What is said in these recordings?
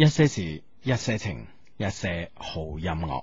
一些事，一些情，一些好音樂。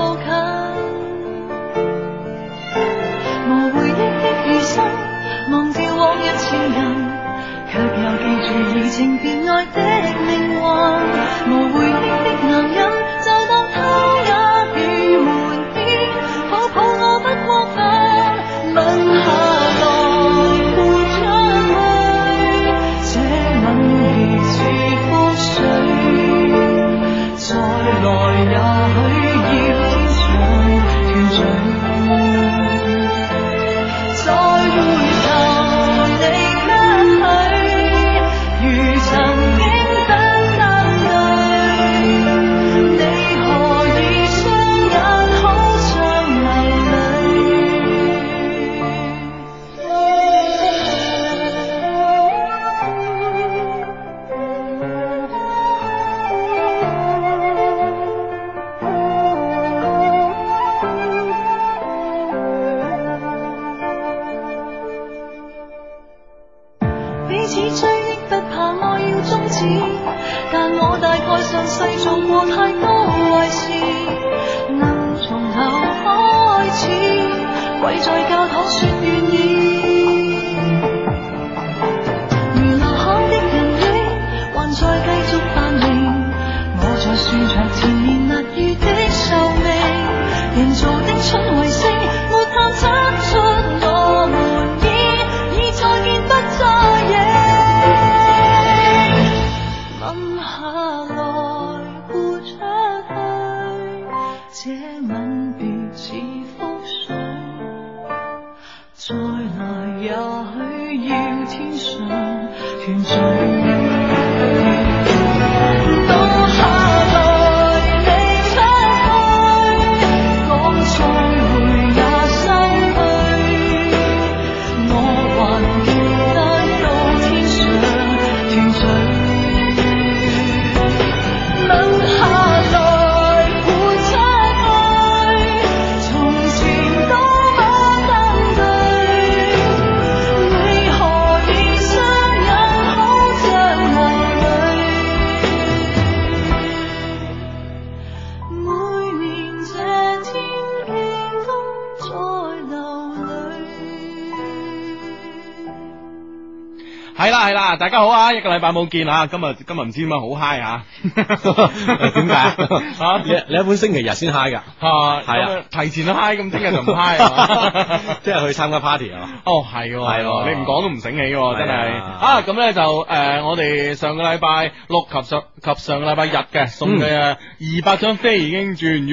情變愛的命運。大家好啊！一個禮拜冇見啊，今日今日唔知點解好嗨啊，點解啊？你 你一般星期日先嗨噶。啊，係啊，提前嗨，咁，聽日就唔嗨啊，即係去參加 party 啊！哦，係，係，你唔講都唔醒起嘅，真係啊！咁咧就誒，我哋上個禮拜六及上及上個禮拜日嘅送嘅二百張飛已經完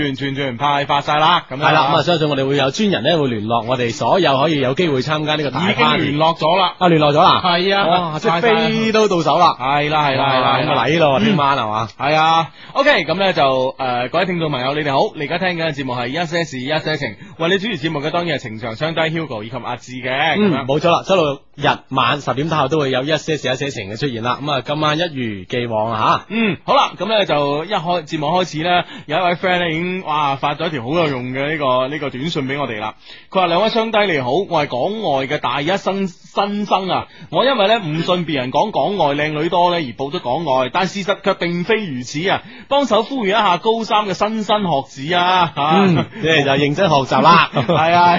完全全派發晒啦，咁係啦，咁啊，相信我哋會有專人咧會聯絡我哋所有可以有機會參加呢個大 party。已經聯絡咗啦，啊，聯絡咗啦，係啊，即係飛都到手啦，係啦，係啦，係啦，咁啊，禮咯，今晚係嘛？係啊，OK，咁咧就誒，各位聽眾朋友，你哋好，你而家聽。今日節目係一些事一些情，哇！為你主持節目嘅當然係情場雙低 Hugo 以及阿志嘅，冇錯啦，周吧六日晚十點之後都會有一些事一些情嘅出現啦。咁、嗯、啊，今晚一如既往啊吓，嗯，好啦，咁呢，就一開節目開始呢，有一位 friend 呢已經哇發咗一條好有用嘅呢、呢個呢、呢個短信俾我哋啦。佢話兩位雙低你好，我係港外嘅大一新新生啊，我因為呢唔信別人講港外靚女多呢而報咗港外，但事實卻並非如此啊！幫手呼籲一下高三嘅新生學子啊！嗯，即係就認真學習啦，係 啊，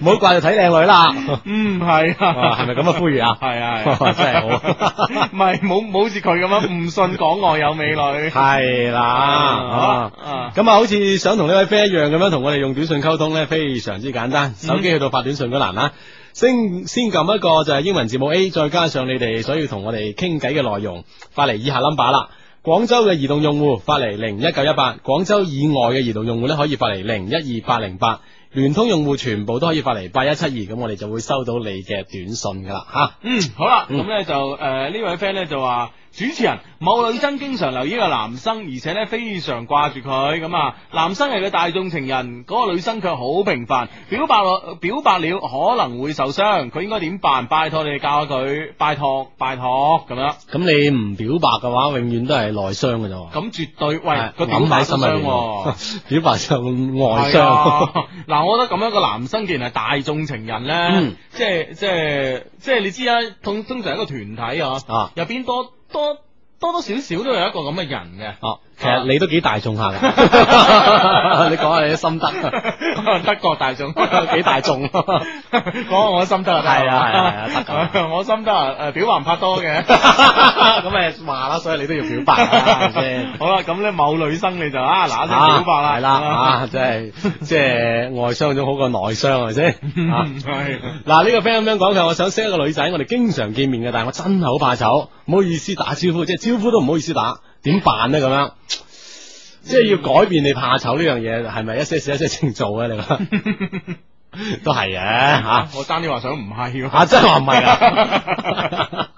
唔好掛住睇靚女啦，嗯，係啊，係咪咁嘅呼籲啊？係啊，啊真係好，唔係， 冇好似佢咁樣唔信港外有美女，係啦，咁啊，好似想同呢位 friend 一樣咁樣同我哋用短信溝通咧，非常之簡單，手機去到發短信都難啦，先先撳一個就係英文字母 A，再加上你哋所要同我哋傾偈嘅內容，發嚟以下 number 啦。廣州嘅移動用戶發嚟零一九一八，廣州以外嘅移動用戶咧可以發嚟零一二八零八，聯通用戶全部都可以發嚟八一七二，咁我哋就會收到你嘅短信噶啦，吓、啊。嗯，好啦，咁咧、嗯、就誒、呃、呢位 friend 咧就話。主持人，某女生經常留意個男生，而且咧非常掛住佢。咁啊，男生係個大眾情人，嗰、那個女生卻好平凡。表白咯，表白咗可能會受傷，佢應該點辦？拜託你哋教下佢，拜託，拜託咁樣。咁你唔表白嘅話，永遠都係內傷嘅啫。咁絕對，喂，個對點係內傷？表白就外傷。嗱、啊，我覺得咁樣個男生，既然係大眾情人咧、嗯，即係即係即係你知啊，通通常一個團體啊，入邊多。多多多少少都有一個咁嘅人嘅，吓、哦。其實你都幾大眾下嘅，你講下你嘅心得， 德國大眾幾大眾，講下我心得啊，係啊係啊，我心得啊，誒，表白唔怕多嘅，咁誒話啦，所以你都要表白先。 好啦，咁咧某女生你就啊，嗱，即表白啦，係啦，啊，真係即係外傷咗好過內傷係咪先？係嗱，呢個 friend 咁樣講，佢我想識一個女仔，我哋經常見面嘅，但係我真係好怕醜，唔好意思打招呼，即係招呼都唔好意思打。點辦咧？咁樣，即係要改變你怕醜呢樣嘢，係咪、嗯、一些事一些情做 啊？你話？都係嘅吓，我爭啲話想唔係，吓真係話唔係啊！啊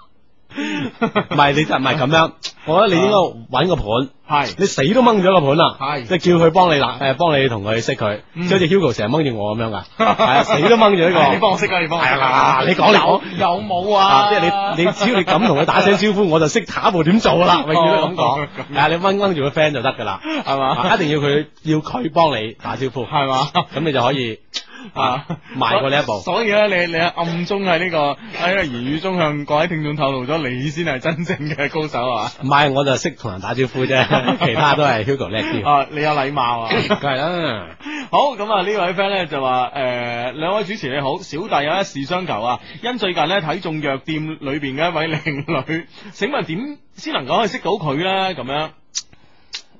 唔係 你就唔係咁樣，我覺得你應該揾個盤，係 你死都掹咗個盤啦，係，你叫佢幫你啦你，誒，幫你同佢識佢，即好似 Hugo 成日掹住我咁樣噶，係死都掹住呢個，你幫我識啊，你幫我，係啊嗱，你講啦，有有冇啊？即係你你只要你咁同佢打聲招呼，我就識下一步點做啦， 永遠都咁講，但係、 啊、你掹掹住個 friend 就得噶啦，係嘛，一定要佢要佢幫你打招呼，係嘛，咁你就可以。啊，賣過呢一步，所以咧，你你暗中喺呢、這個喺個言語中向各位聽眾透露咗，你先係真正嘅高手啊！唔係，我就識同人打招呼啫， 其他都係 Hugo 勒少。哦，你有禮貌啊，係啦。 好咁啊，呢位 friend 咧就話誒、呃，兩位主持你好，小弟有一事相求啊，因最近咧睇中藥店裏邊嘅一位靚女，請問點先能夠去識到佢咧？咁樣。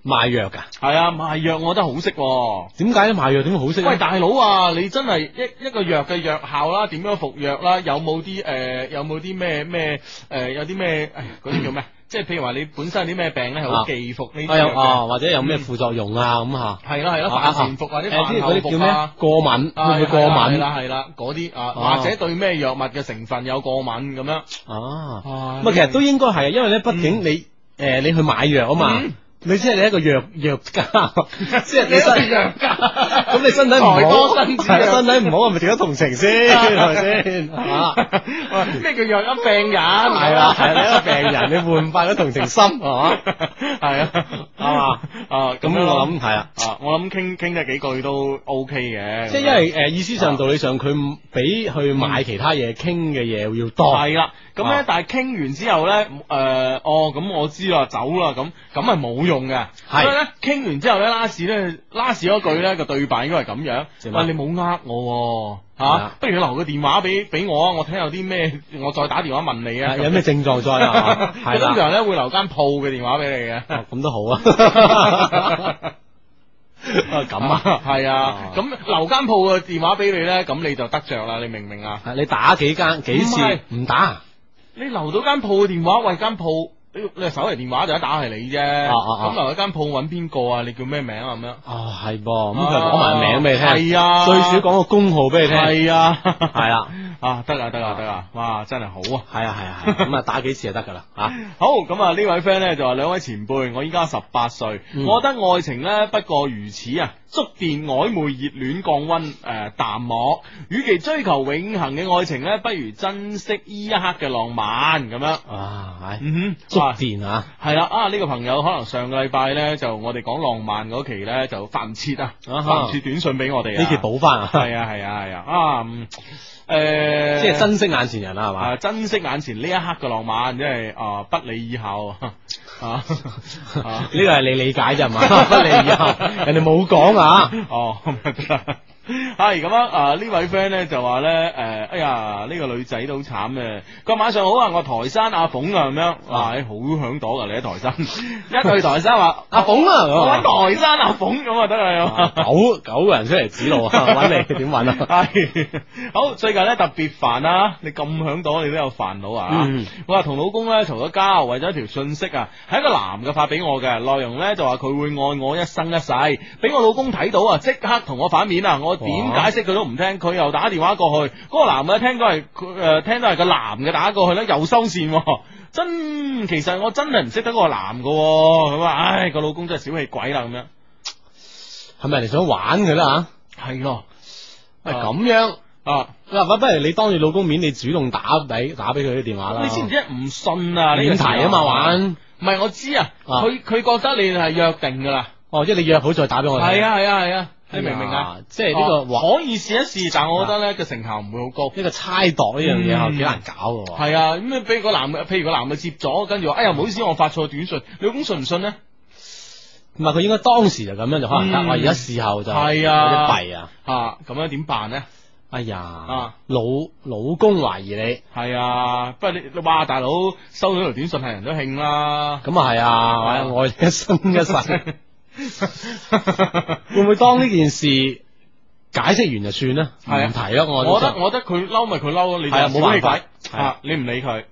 賣藥噶，係啊，賣藥我覺得好識。喔。點解咧？賣藥點會好識咧？喂，大佬啊，你真係一一個藥嘅藥效啦，點樣服藥啦？有冇啲誒？有冇啲咩咩？誒，有啲咩？誒，嗰啲叫咩？即係譬如話你本身有啲咩病咧？係好忌服呢啲嘅，或者有咩副作用啊？咁吓，係咯係咯，飯前服或者嗰啲叫咩？過敏啊，過敏啦係啦，嗰、啊、啲啊，或者對咩藥物嘅成分有過敏咁樣啊。咁啊，其實都應該係啊，因為咧，畢竟你誒，你去買藥啊嘛。你知係你一個弱弱家，即係你身，弱家。咁你身體唔多身唔好，係咪值得同情先？係咪先？啊，咩叫弱咗病噶？係啦，你一個病人，你煥快咗同情心，係嘛？係啊，係嘛？啊，咁我諗係啦，啊，我諗傾傾得幾句都 OK 嘅。即係因為誒，意思上、道理上，佢唔比去買其他嘢傾嘅嘢要多。係啦。咁咧，但係傾完之後咧，誒，哦，咁我知啦，走啦，咁，咁係冇用嘅。係，所以咧，傾完之後咧，last 咧，last 嗰句咧個對白應該係咁樣。喂，你冇呃我吓，不如你留個電話俾俾我啊，我睇有啲咩，我再打電話問你啊。有咩症狀再係啦。通常咧會留間鋪嘅電話俾你嘅。哦，咁都好啊。啊，咁啊。係啊，咁留間鋪嘅電話俾你咧，咁你就得着啦，你明唔明啊？你打幾間幾次？唔打。你留到間鋪嘅電話，為間鋪。你手提電話就、啊啊啊、一打係你啫，咁留一間鋪揾邊個啊？你叫咩名咁樣、啊？啊係噃咁佢講埋名俾你聽，啊、最少講個工號俾你聽，係啊，係啦， 啊得啦得啦得啦，哇真係好啊，係啊係啊係，咁啊、嗯、 打幾次就得噶啦吓， 好咁啊呢位 friend 咧就話兩位前輩，我依家十八歲，嗯、我覺得愛情咧不過如此啊，觸電曖昧熱戀降溫誒、呃、淡漠，與其追求永恒嘅愛情咧，不如珍惜依一刻嘅浪漫咁樣啊，哎、嗯哼。嗯電啊，係啦啊！呢、啊啊這個朋友可能上個禮拜咧就我哋講浪漫嗰期咧就發唔切啊，啊發唔切短訊,俾我哋、啊啊啊啊啊，啊。呢期補翻啊，係啊係啊係啊，誒，即係珍惜眼前人啊，係嘛、啊，珍惜眼前呢一刻嘅浪漫、就是，即係啊不理以後啊，呢個係你理解啫嘛，不理以後 人哋冇講啊， 哦。 係咁樣啊，呃、位呢位 friend 咧就話咧，誒、呃，哎呀，呢、呢個女仔都好慘嘅。佢晚上好啊，我台山阿鳳啊，咁樣啊，好響朵啊，你喺台山一對 台山話阿鳳啊，咁台山阿鳳咁啊得啦，九九個人出嚟指路，搵 你點搵啊？係 好最近咧特別煩啊！你咁響朵，你都有煩惱啊！我話同老公咧嘈咗交，為咗條信息啊，係一個男嘅發俾我嘅，內容咧就話佢會愛我一生一世，俾我老公睇到啊，即刻同我反面啊，我。點解釋佢都唔聽，佢又打電話過去。嗰哇 個男嘅聽到係，誒、呃、聽到係個男嘅打過去咧，又收線、哦。真其實我真係唔識得個男嘅、哦。佢話：唉，個老公真係小氣鬼啦咁樣。係咪人哋想玩佢啦、啊？吓、啊，係咯。咁樣啊嗱，啊不,不如你當住老公面，你主動打俾打俾佢啲電話啦。你知唔知唔信啊？亂嚟啊嘛玩。唔係、啊、我知啊，佢佢覺得你係約定噶啦。哦，即係你約好再打俾我。係啊係啊係啊。你明唔明啊？即係呢個可以試一試，但係我覺得咧個成效唔會好高。呢個猜度呢樣嘢係幾難搞嘅喎。係啊，咁你俾個男嘅，譬如個男嘅接咗，跟住話：哎呀，唔好意思，我發錯短信。你老公信唔信呢？唔係佢應該當時就咁樣就可能我而家事後就係啊，嗰啲弊啊，吓咁樣點辦呢？哎呀，老老公懷疑你，係啊，不過你哇，大佬收到條短信係人都慶啦。咁啊係啊，我一生一世。會唔會當呢件事解釋完就算咧？唔提咯，我。我覺得我覺得佢嬲咪佢嬲咯，你係冇辦法。係你唔理佢，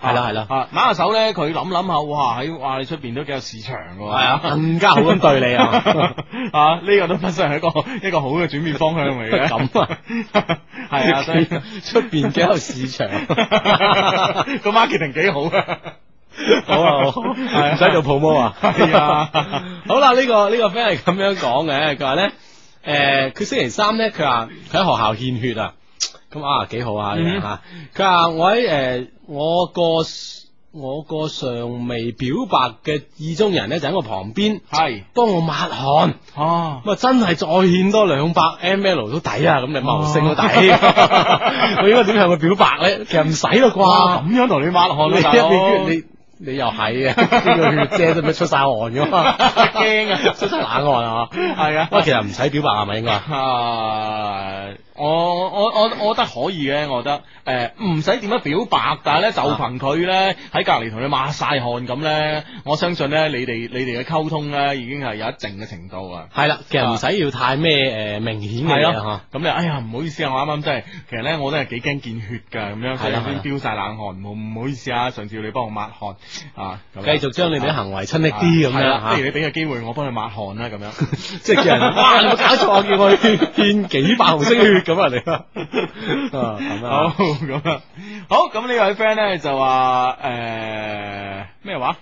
係啦係啦。拿下手咧，佢諗諗下，哇喺哇你出邊都幾有市場嘅，係啊，更加好咁對你啊。啊，呢個都本身係一個一個好嘅轉變方向嚟嘅。咁啊，係啊，所以出邊幾有市場，個 marketing 幾好啊。好啊好，唔使做泡沫啊！好啦，呢個呢個 friend 係咁樣講嘅，佢話咧，誒，佢星期三咧，佢話佢喺學校獻血啊，咁啊幾好啊！佢話我喺誒我個我個尚未表白嘅意中人咧就喺我旁邊，係幫我抹汗哦，咁啊真係再獻多兩百 ml 都抵啊！咁你茂升都抵，我應該點向佢表白咧？其實唔使咯啩，咁樣同你抹汗，你你。你又係啊？呢 個月姐都咩出晒汗咁啊？驚啊！ 出出冷汗啊！係啊！不過其實唔使表白，係咪 應該啊？ 我我我我覺得可以嘅，我覺得誒唔使點樣表白，但係咧就憑佢咧喺隔籬同你抹晒汗咁咧，我相信咧你哋你哋嘅溝通咧已經係有一定嘅程度啊。係啦，其實唔使要太咩誒明顯嘅嘢，咁你哎呀唔好意思啊，我啱啱真係，其實咧我都係幾驚見血噶咁樣，佢頭先飆晒冷汗，唔唔好意思啊，上次要你幫我抹汗啊，繼續將你哋行為親力啲咁樣，不如你俾個機會我幫佢抹汗啦，咁樣即係叫人哇搞錯，要我見幾百毫升血。咁啊你啦，好咁啊好，咁呢位 friend 咧就話誒咩話？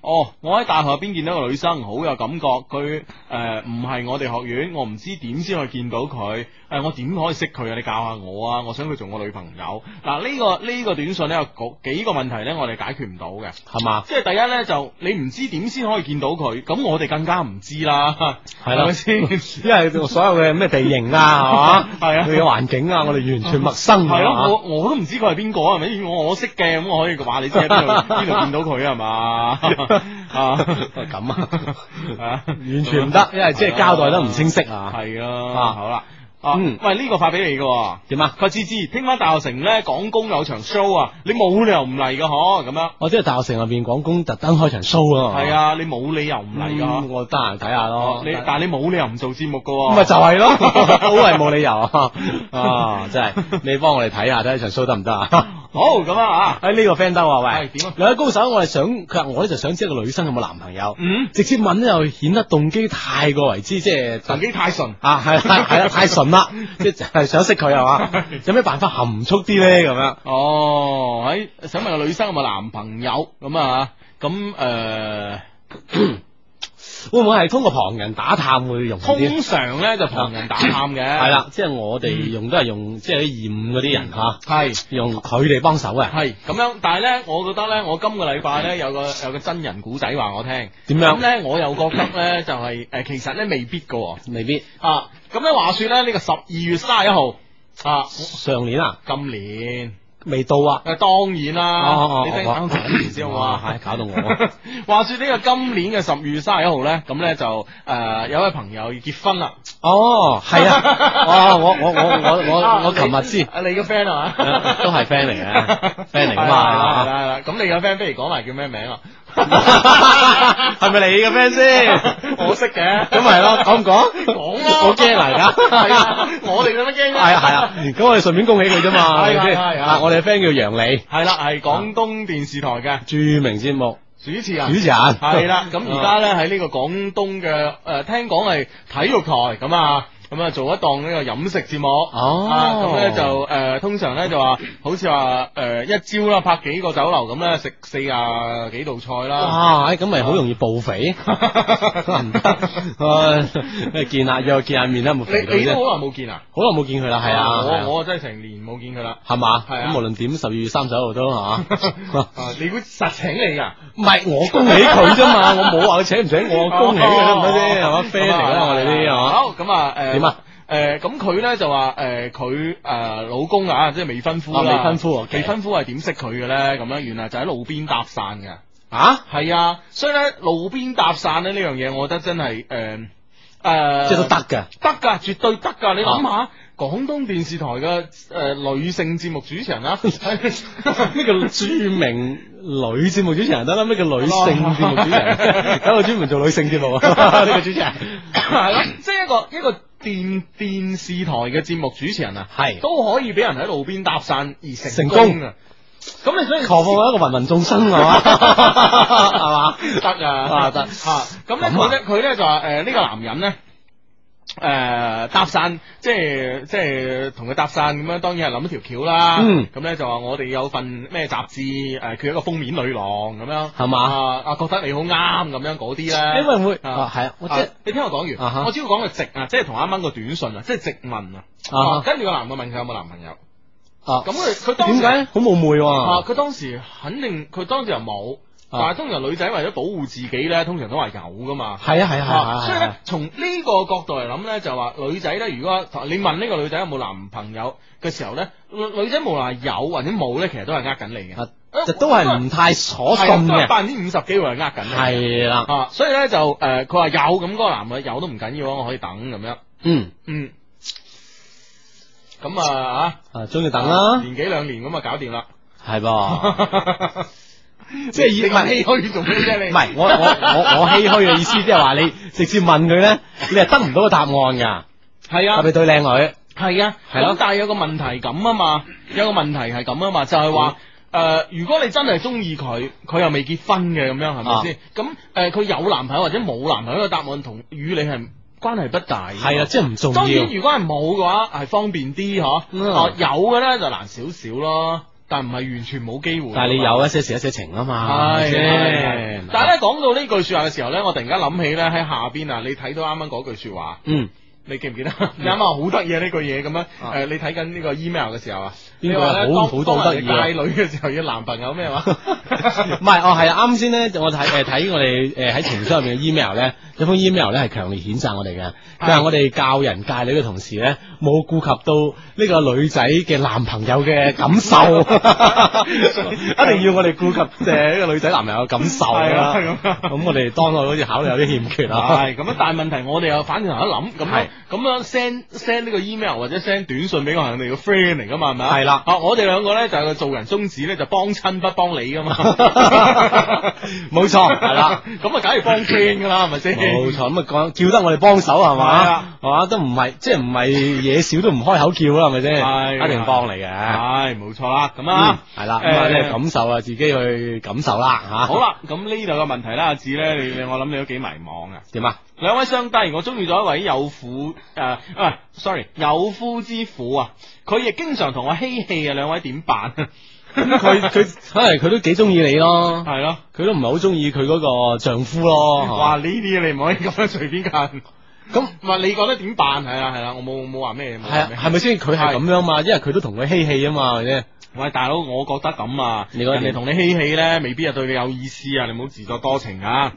哦，我喺大學入邊見到個女生，好有感覺。佢誒唔係我哋學院，我唔知點先可以見到佢。誒、呃，我點可以識佢啊？你教下我啊！我想佢做我女朋友。嗱、啊，呢、這個呢、這個短信咧，有幾幾個問題咧，我哋解決唔到嘅，係嘛吧？即係第一咧，就你唔知點先可以見到佢，咁我哋更加唔知啦，係咪先？因為所有嘅咩地形啊，係嘛？係啊，佢嘅環境啊，我哋完全陌生。係咯、 啊，我我都唔知佢係邊個啊？咪我我識嘅，咁我可以話你知喺邊度邊度見到佢係嘛？啊，咁啊，啊，完全唔得，因為即係交代得唔清晰啊。係 啊，啊， 啊，好啦。啊，嗯，喂，呢個發俾你嘅點啊？佢知知，聽晚大學城咧廣工有場 show 啊，你冇理由唔嚟嘅嗬，咁樣。我即係大學城入邊廣工特登開場 show 啊，係啊，你冇理由唔嚟噶。我得閒睇下咯。你但係你冇理由唔做節目嘅。咁咪就係咯，好係冇理由啊。啊，真係，你幫我哋睇下睇場 show 得唔得啊？好，咁啊，喺呢個 friend 兜係咪？點有位高手，我係想佢話我咧就想知道個女生有冇男朋友。嗯，直接問咧又顯得動機太過為之，即係動機太順啊，係係啦，太順。乜 即係想識佢係嘛？ 有咩辦法含蓄啲咧？咁樣 哦，喺、哎、想問個女生有冇男朋友咁啊？咁誒。呃會唔會係通過旁人打探會用？通常咧就旁人打探嘅，係啦， 即係我哋用都係、嗯、用，即係啲二五嗰啲人吓，係、嗯、用佢哋幫手嘅，係咁樣。但係咧，我覺得咧，我今個禮拜咧有個有個真人古仔話我聽，點樣？咁咧我又覺得咧就係、是、誒，其實咧未必噶，未必，未必啊。咁咧話說咧呢個十二月卅一號啊，上年啊，今年。未到啊！當然啦、啊，你聽、啊，講完先好嘛？係搞到我。 話説呢個今年嘅十二月三十、呃、一號咧，咁咧就誒有位朋友結婚啦。哦，係啊，哦，我我我 我我我琴日先。啊，啊，啊， 啊， 對對對對你個 friend 啊，嘛？都係 friend 嚟嘅，friend 嚟嘅，係啦係啦。咁你個 friend 不如講埋叫咩名啊？係咪 你嘅 friend 先？我識嘅，咁咪係咯，講唔講？講咯、啊，好驚嚟噶，我哋咁樣驚噶。係係啦，咁我哋順便恭喜佢啫嘛。係係、 啊，啊、我哋嘅 friend 叫楊李，係啦、啊，係廣東電視台嘅、啊、著名節目主持人。主持人係啦，咁而家咧喺呢 個廣東嘅誒，聽講係體育台咁啊。咁啊，做一檔呢個飲食節目，啊，咁咧就誒，通常咧就話，好似話誒一朝啦，拍幾個酒樓咁咧，食四啊幾道菜啦，啊，咁咪好容易暴肥，唔得，誒，見下又見下面啦，冇肥到，你你都好耐冇見啦，好耐冇見佢啦，係啊，我我真係成年冇見佢啦，係嘛，咁無論點十二月三十一號都係你估實請你噶，唔係我恭喜佢啫嘛，我冇話佢請唔請我，恭喜佢嗰啲係嘛，friend 嚟噶我哋啲係嘛，好，咁啊，誒。點啊？誒，咁佢咧就話誒，佢誒老公啊，即係未婚夫啦。未婚夫，未婚夫係點識佢嘅咧？咁樣原來就喺路邊搭訕嘅。啊？係啊，所以咧路邊搭訕咧呢樣嘢，我覺得真係誒誒，即、啊、係、啊啊、都得嘅，得噶、啊，絕對得噶。你諗下廣東電視台嘅誒、呃、女性節目主持人啦、啊，咩叫著名女節目主持人得啦？咩叫女性節目主持人？有一個專門做女性節目啊？呢個主持人係咯，即係一個一個。一個電電視台嘅節目主持人啊，係是都可以俾人喺路邊搭訕而成成功啊！咁功你想？何況我一個芸芸眾生嘛？係嘛？得啊，得啊！咁咧、 啊，佢咧 以、啊，佢咧就話誒，呢，呢，呢，呢、呢個男人咧。誒、呃，搭訕，即係即係同佢搭訕咁樣，當然係諗一條橋啦。咁咧就話我哋有份咩雜誌誒，缺一個封面女郎咁樣，係嘛吧？啊，覺得你好啱咁樣嗰啲咧。因為會係啊，對我即係、啊、你聽我講完，uh huh. 我只要講佢直啊，即係同啱啱個短信啊，即係直問啊，跟住個男嘅問佢有冇男朋友，uh huh. 啊？咁佢佢當時點解好冒昧？啊，佢當時肯定佢當時又冇。但係通常女仔為咗保護自己咧，通常都話有噶嘛。係啊係係係，所以咧從呢個角度嚟諗咧，就話女仔咧，如果你問呢個女仔有冇男朋友嘅時候咧，女仔無論有或者冇咧，其實都係呃緊你嘅，就都係唔太可信嘅，百分之五十機會係呃緊。係啦，啊，所以咧就誒，佢話有咁嗰個男嘅有都唔緊要，啊。我可以等咁樣。嗯嗯。咁啊吓，啊中意等啦，年幾兩年咁啊搞掂啦。係噃。即係以你係，唏噓做咩啫？你唔係我我我我唏噓嘅意思，即係話你直接問佢咧，你係得唔到個答案噶。係啊，係咪對靚女？係啊，係咯、啊。但係有個問題咁啊嘛，有個問題係咁啊嘛，就係話誒，如果你真係中意佢，佢又未結婚嘅咁樣，係咪先？咁誒、啊，佢、呃、有男朋友或者冇男朋友嘅答案，同與你係關係不大嘅。係啊，即係唔重要。當然，如果係冇嘅話，係方便啲嗬、啊嗯啊。有嘅咧就難少少咯。啊啊但唔係完全冇機會，但係你有一些事、一些情啊嘛。係，但係咧，講到呢句說話嘅時候咧，我突然間諗起咧，喺下邊啊，你睇到啱啱嗰句說話，嗯。你記唔記得？啱啱，嗯、好得意啊呢句嘢咁樣誒，你睇緊呢個 email 嘅時候。啊。邊個好好多好得意啊！戒女嘅時候要男朋友咩話？唔係哦，係啊！啱先咧，呃、我睇誒睇我哋誒喺信箱入面嘅 email 咧，有封 email 咧係強烈譴責我哋嘅，佢話我哋教人戒女嘅同時咧，冇顧及到呢個女仔嘅男朋友嘅感受， 一定要我哋顧及即係呢個女仔男朋友嘅感受。咁 我哋當我好似考慮有啲欠缺啊。係咁但係問題我哋又反過頭一諗，咁啊咁樣 send send 呢個 email 或者 send 短信俾我係我哋嘅 friend 嚟噶嘛，係咪 嗱，我哋兩個咧就係個做人宗旨咧就幫親不幫你噶嘛，冇錯，係啦，咁啊梗係幫親噶啦，係咪先？冇錯，咁啊叫得我哋幫手係嘛，係嘛都唔係，即係唔係嘢少都唔開口叫啦，係咪先？係一定幫你嘅，係冇錯啦，咁啊係啦，咁啊你感受啊自己去感受啦，吓好啦，咁呢度嘅問題咧，阿志咧，你我諗你都幾迷茫啊，點啊？兩位相低，我中意咗一位有夫誒，唔係，sorry 有夫之婦啊，佢亦經常同我嬉戲啊，兩位點辦？佢佢，可能佢都幾中意你咯，係咯，佢都唔係好中意佢嗰個丈夫咯。哇，呢啲嘢你唔可以咁樣隨便㗎。咁，話你覺得點辦？係啦係啦，我冇冇話咩嘢。係係咪先？佢係咁樣嘛，因為佢都同佢嬉戲啊嘛，或者，喂，大佬，我覺得咁啊，你人哋同你嬉戲咧，未必係對你有意思啊，你唔好自作多情啊。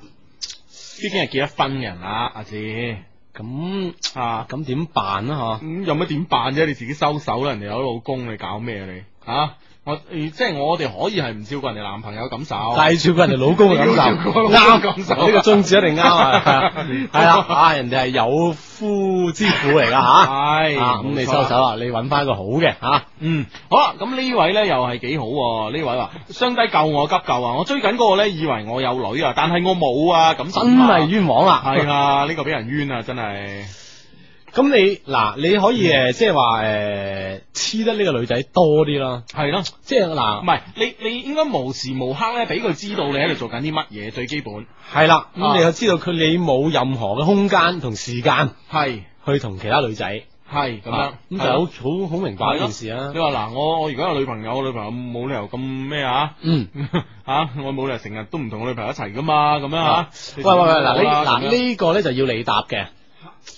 畢竟係結咗婚嘅人啊，阿志，咁啊咁點辦啊？吓、嗯，咁有乜點辦啫、啊？你自己收手啦，人哋有老公，你搞咩、啊、你？吓、啊？我即係我哋可以係唔照顧人哋男朋友感受、啊，但係照顧人哋老公嘅感受，啱 感受呢、啊、對 個宗旨一定啱 啊！係啊，係人哋係有夫之婦嚟噶吓，係咁你收手啦，你揾翻個好嘅吓、啊，嗯好啦，咁呢位咧又係幾好，位呢好、啊、呢位話、啊、雙低救我急救啊！我追緊嗰個咧以為我有女，啊，但係我冇啊！咁、啊、真係冤枉啦，係啊，呢、 啊這個俾人冤啊，真係。 咁你嗱，你可以誒，即係話誒，黐得呢個女仔多啲咯，係咯，即係嗱，唔係你你應該無時無刻咧俾佢知道你喺度做緊啲乜嘢，最基本係啦，咁你又知道佢你冇任何嘅空間同時間，係去同其他女仔，係咁樣，咁就好好好明白呢件事啊。你話嗱，我我如果有女朋友，我女朋友冇理由咁咩啊，嗯，吓，我冇理由成日都唔同我女朋友一齊噶嘛，咁樣吓，喂喂喂，嗱你嗱呢個咧就要你答嘅。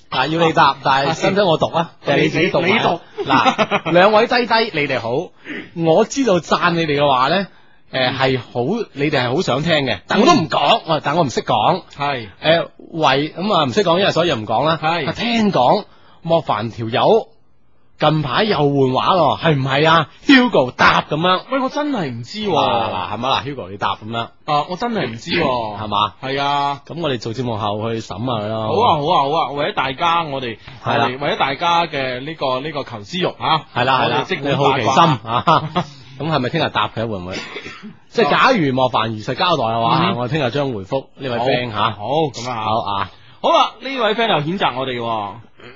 嗱、啊，要你答，但係使唔使我讀啊？啊你，自你自己讀啊。你讀嗱，兩位低低，你哋好，我知道讚你哋嘅話咧，誒、呃、係好，你哋係好想聽嘅，但我都唔講，啊、嗯。但我唔識講，係誒喂咁啊唔識講，因為所以又唔講啦，係、嗯、聽講莫凡條友。近排又換畫咯，係唔係啊？Hugo 答咁樣，喂，我真係唔知。嗱，係咪啦？Hugo，你答咁樣。啊，我真係唔知。係嘛？係啊。咁我哋做節目後去審下佢咯。好啊，好啊，好啊！為咗大家，我哋係啦，為咗大家嘅呢個呢個求知欲吓，係啦係啦，即你好奇心吓，咁係咪聽日答佢會唔會？即係假如莫凡如實交代嘅話，我聽日將回覆呢位 friend 吓。好，咁啊好啊。好啊，呢位 friend 又譴責我哋。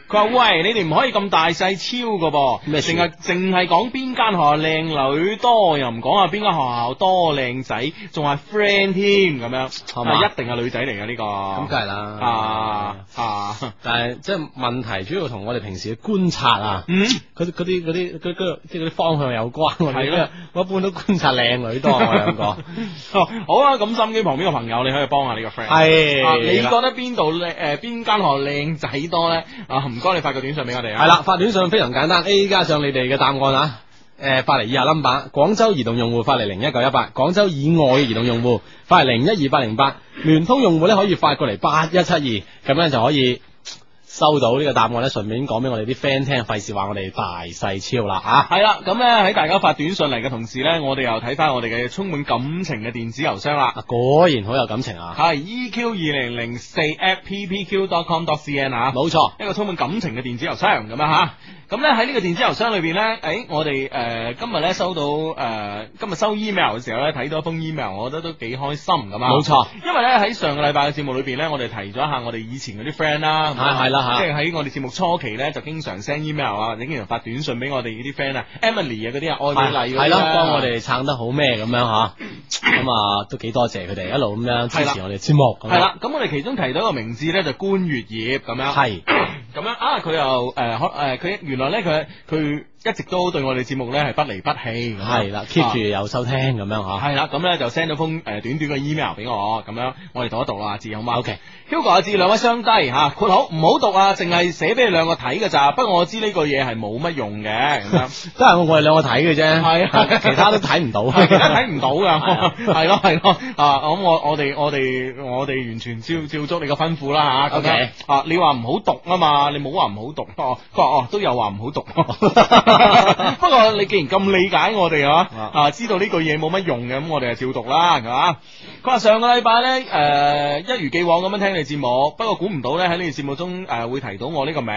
佢話喂，你哋唔可以咁大細超噶噃，咩？淨係淨係講邊間學校靚女多，又唔講啊？邊間學校多靚仔，仲係 friend 添咁樣，係咪一定係女仔嚟噶呢個，咁梗係啦。啊啊，但係即係問題主要同我哋平時嘅觀察啊，嗰啲啲啲即係啲方向有關。係，我一般都觀察靚女多。我兩個好啊，咁心機旁邊嘅朋友，你可以幫下你個 friend。係，你覺得邊度靚誒邊間學校靚仔多咧？啊。唔該，謝謝你發個短信俾我哋啊！係啦， 發短信非常簡單，A 加上你哋嘅答案啊！誒、呃，發嚟以下 number，廣州移動用戶發嚟零一九一八，廣州以外嘅移動用戶發嚟零一二八零八，聯通用戶咧可以發過嚟八一七二，咁樣就可以。收到呢個答案呢，順便講俾我哋啲 friend 聽，費事話我哋大細超啦啊！係啦，咁 呢，喺大家發短信嚟嘅同時呢，我哋又睇翻我哋嘅充滿感情嘅電子郵箱啦。 果然好有感情啊！係 e q 二零零四 app p q dot com dot c n 啊，冇 錯，一個充滿感情嘅電子郵箱咁樣吓。咁咧喺呢個電子郵箱裏邊咧，誒，我哋誒、呃、今日咧收到誒、呃、今日收 email 嘅時候咧，睇到一封 email，我覺得都幾開心咁啊！冇錯，因為咧喺上個禮拜嘅節目裏邊咧，我哋提咗一下我哋以前嗰啲 friend 啦、啊嗯，係係啦吓，嗯嗯、即係喺我哋節目初期咧就經常 send email 啊，亦經常發短信俾我哋嗰啲 friend 啊，Emily 啊嗰啲啊，愛美麗啊，幫我哋撐得好咩咁樣吓，咁啊都幾多謝佢哋一路咁樣支持我哋節目。係啦，咁、嗯、我哋其中提到一個名字咧就官月葉咁樣，係咁這樣、嗯嗯、啊，佢又誒誒佢原來咧，佢佢一直都對我哋節目咧係不離不棄，係啦 keep 住又收聽咁樣嗬。係啦，咁咧就 send 咗封誒短短嘅 email 俾我，咁樣我哋讀一讀啊，志鴻啊，O K。Hugo 志兩位雙低吓，好唔好讀啊？淨係寫俾你兩個睇嘅咋。不過我知呢個嘢係冇乜用嘅，都係我哋兩個睇嘅啫。係，其他都睇唔到，其他睇唔到嘅，係咯係咯啊。咁我我哋我哋我哋完全照照足你個吩咐啦吓。O K 啊，你話唔好讀啊嘛，你冇話唔好讀，哦都有話唔好讀。 不過你既然咁理解我哋啊， 啊，知道呢句嘢冇乜用嘅，咁我哋就照讀啦，係嘛？佢話上個禮拜呢，誒、呃，一如既往咁樣聽你節目，不過估唔到呢，喺你哋節目中誒會提到我呢個名，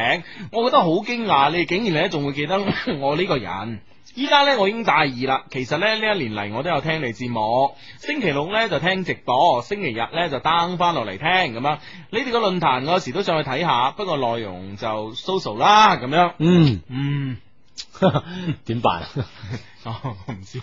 我覺得好驚訝，你竟然呢仲會記得我呢個人。依家呢，我已經大二啦，其實呢，呢一年嚟，我都有聽你節目，星期六呢就聽直播，星期日呢就 down 翻落嚟聽咁樣。你哋個論壇我有時都上去睇下，不過內容就 so so 啦咁樣。嗯嗯。嗯哈哈，點辦啊？哦，我唔知。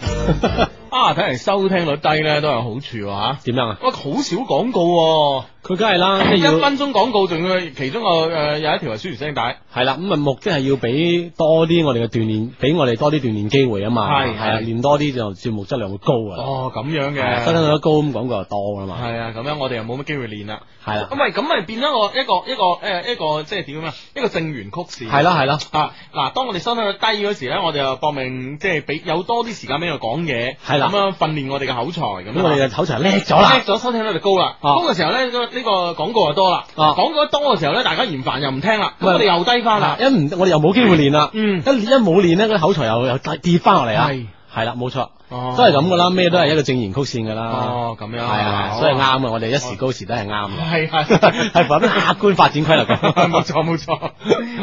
啊，睇嚟，收聽率低咧都有好處吓，點樣啊？喂，好少廣告，佢梗係啦，一分鐘廣告仲要其中個誒有一條係宣傳聲帶。係啦，咁啊目的係要俾多啲我哋嘅鍛煉，俾我哋多啲鍛煉機會啊嘛。係係練多啲就，節目質量會高啊。哦，咁樣嘅收聽率一高咁廣告就多啦嘛。係啊，咁樣我哋又冇乜機會練啦。係啦，咁咪咁咪變咗一個一個一個誒一個即係點啊？一個正弦曲線。係咯係咯啊！嗱，當我哋收聽率低嗰時咧，我哋就搏命即係俾。有多啲時間喺度講嘢，係啦的，咁樣訓、啊、練我哋嘅口才，咁我哋嘅口才叻咗啦，叻咗、啊，收聽率就高啦。高嘅、啊、時候咧，呢、這個呢廣告就多啦。廣告多嘅時候咧，大家嫌煩又唔聽啦，咁喂我哋又低翻啦。一唔，我哋又冇機會練啦。嗯，一一冇練咧，個口才又又跌翻落嚟啊。係啦，冇錯，都係咁噶啦，咩都係一個正弦曲線噶啦。哦，咁樣，係啊，所以啱啊，我哋一時高時都係啱嘅，係係係符合啲客觀發展規律嘅。冇錯冇錯，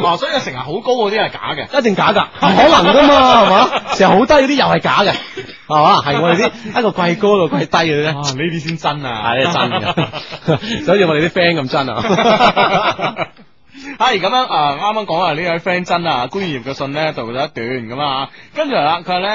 哇！所以成日好高嗰啲係假嘅，一定假噶，唔可能噶嘛，係嘛？成日好低嗰啲又係假嘅，係嘛？係我哋啲一個貴高到貴低嗰啲咧，呢啲先真啊，係真嘅，就好似我哋啲 friend 咁真啊。係咁樣啊！啱啱講啊，呢位 friend 真啊，官燕嘅信呢讀咗一段咁啊，跟住啦，佢話咧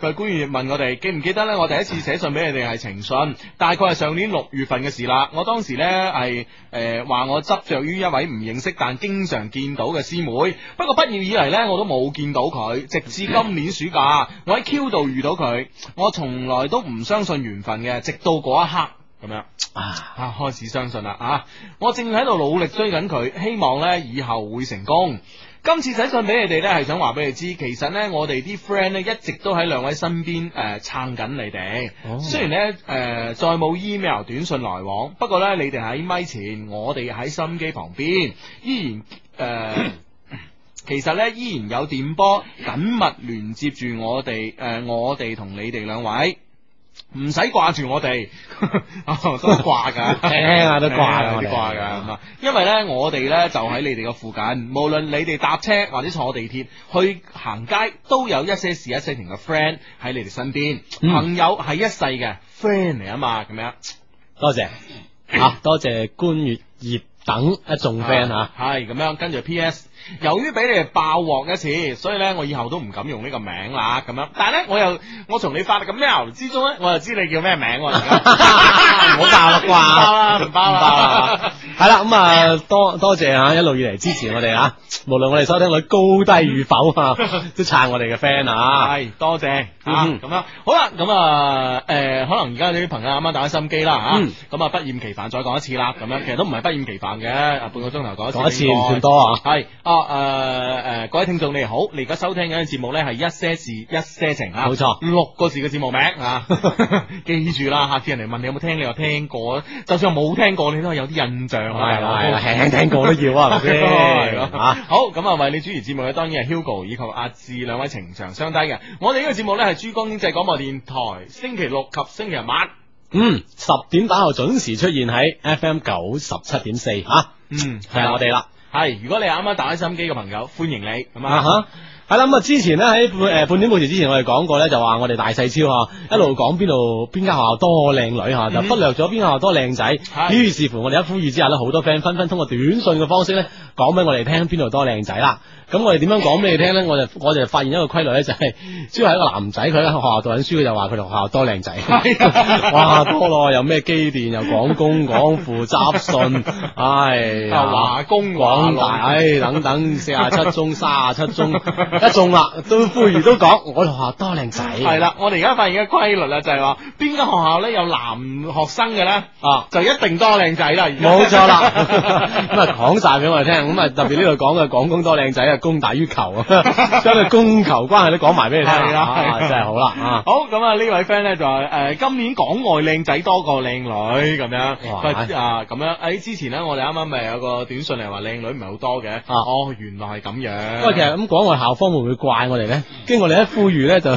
誒，佢官燕問我哋記唔記得呢？我第一次寫信俾你哋係情信，大概係上年六月份嘅事啦。我當時呢係誒話我執着於一位唔認識但經常見到嘅師妹，不過畢業以嚟呢，我都冇見到佢，直至今年暑假我喺 Q 度遇到佢。我從來都唔相信緣分嘅，直到嗰一刻。咁樣啊，開始相信啦啊！我正喺度努力追緊佢，希望咧以後會成功。今次寫信俾你哋咧，係想話俾你知，其實咧我哋啲 friend 咧一直都喺兩位身邊誒撐緊你哋。哦、雖然咧誒、呃、再冇 email 短信來往，不過咧你哋喺麥前，我哋喺心機旁邊，依然誒，呃、 其實咧依然有電波緊密連接住我哋誒、呃，我哋同你哋兩位。唔使掛住我哋，都掛噶， 聽下都掛，都掛噶、嗯。因為咧，我哋咧就喺你哋嘅附近，無論你哋搭車或者坐地鐵去行街，都有一些事、一些情嘅 friend 喺你哋身邊。朋友係、嗯、一世嘅 friend 嚟啊嘛，咁樣。多謝吓、啊，多謝官月葉等一眾 friend 吓，係咁、啊啊、樣跟住 P.S. 由於俾你爆鑊一次，所以咧我以後都唔敢用呢個名啦。咁樣，但係咧我又我從你發咁 mail 之中咧，我又知你叫咩名。唔好爆啦啩，唔爆啦，唔爆啦。係啦，咁啊多多謝啊，一路以嚟支持我哋啊，無論我哋收聽率高低與否，啊，都撐我哋嘅 friend 啊。係多謝啊，咁樣好啦。咁啊，誒，可能而家呢啲朋友啱啱打開心機啦。咁啊，不厭其煩再講一次啦。咁樣，其實都唔係不厭其煩嘅，半個鐘頭講一次唔算多啊。係。誒誒、啊呃，各位聽眾你好，你而家收聽緊嘅節目呢，係一些事一些情啊，冇錯錯，六個字嘅節目名啊， 記住啦，下次人嚟問你有冇聽，你話聽過，就算我冇聽過，你都係有啲印象係嘛，輕輕 聽，聽過都要 啊，係嘛，好，咁啊，為你主持節目嘅當然係 Hugo 以及阿志兩位情長相低嘅，我哋呢個節目呢，係珠江經濟廣播電台星期六及星期日晚，嗯，十點打後準時出現喺 FM 九十七點四啊，嗯，係 我哋啦。係，如果你啱啱打開收音機嘅朋友，歡迎你咁啊吓！係啦，咁啊，之前咧喺半誒半點報時之前，我哋講過咧，就話我哋大細超嗬，一路講邊度邊間學校多靚女吓，嗯、就忽略咗邊間學校多靚仔。於、嗯、是乎，我哋一呼籲之下咧，好多 friend 紛紛通過短信嘅方式咧。講俾我哋聽邊度多靚仔啦，咁我哋點樣講俾你聽咧？我就我就發現一個規律咧、就是，就係只要係一個男仔，佢喺學校讀緊書，佢就話佢學校多靚仔。哇，多咯，有咩機電又廣工廣附執信，唉、就是，又華工廣大，等等，四啊七中、三啊七中，一中啦，都番禺都講我學校多靚仔。係啦，我哋而家發現嘅規律啦，就係話邊間學校咧有男學生嘅咧，啊就一定多靚仔啦。冇錯啦，咁啊講晒俾我哋聽。咁啊，特別呢度講嘅，廣工多靚仔，啊，供大於求，啊，將個供求關係都講埋俾你聽，真係好啦。好，咁啊，呢位 friend 咧就誒，今年廣外靚仔多過靚女咁樣，咁樣誒，之前咧我哋啱啱咪有個短信嚟話靚女唔係好多嘅，啊、哦，原來係咁樣。不過，其實咁廣外校方會唔會怪我哋咧？經過你一呼籲咧，就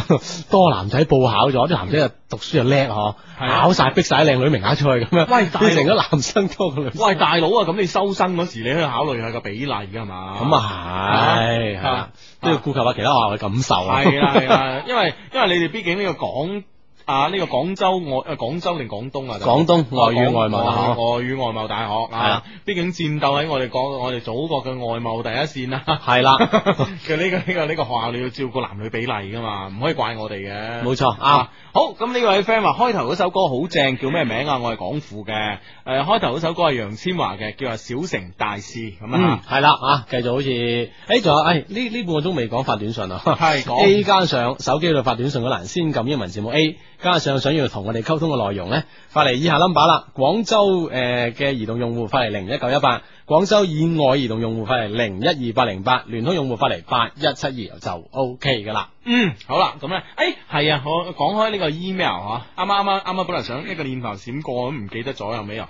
多男仔報考咗，啲男仔啊。讀書又叻嗬，的考晒逼晒靚女名額出去咁樣，喂，以成咗男生多喎。喂，大佬啊，咁你收生嗰時你可以考慮下個比例噶係嘛？咁啊係，係都要顧及下其他學校嘅感受。啊。係啊，係啊， 因為因為你哋畢竟呢個講。啊！呢、這個廣州外誒，廣、啊、州定廣東啊？廣東外語外貿、啊、大學，外語外貿大學啊！畢、啊、竟戰鬥喺我哋國，我哋祖國嘅外貿第一線啦、啊。係啦、啊，其實呢個呢、這個呢、這個這個學校你要照顧男女比例噶嘛，唔可以怪我哋嘅。冇錯啊，啊！好，咁呢位 friend 話開頭嗰首歌好正，叫咩名啊？我係廣府嘅，誒、啊，開頭嗰首歌係楊千嬅嘅，叫《啊小城大事》咁啊。係啦、嗯、啊，繼、啊、續好似誒，仲、欸、有誒，呢、欸、呢、欸、半個鐘未講發短信啊？係 A 加上手機度發短信嗰男先撳英文字母 A。加上想要同我哋溝通嘅內容呢，發嚟以下 number 啦。廣州誒嘅、呃、移動用戶發嚟零一九一八，廣州以外移動用戶發嚟零一二八零八，聯通用戶發嚟八一七二就 OK 噶啦。嗯，好啦，咁呢，誒、哎、係啊，我講開呢個 email 啊，啱啱啱啱本來想一個念頭閃過，咁唔記得咗有未有。誒、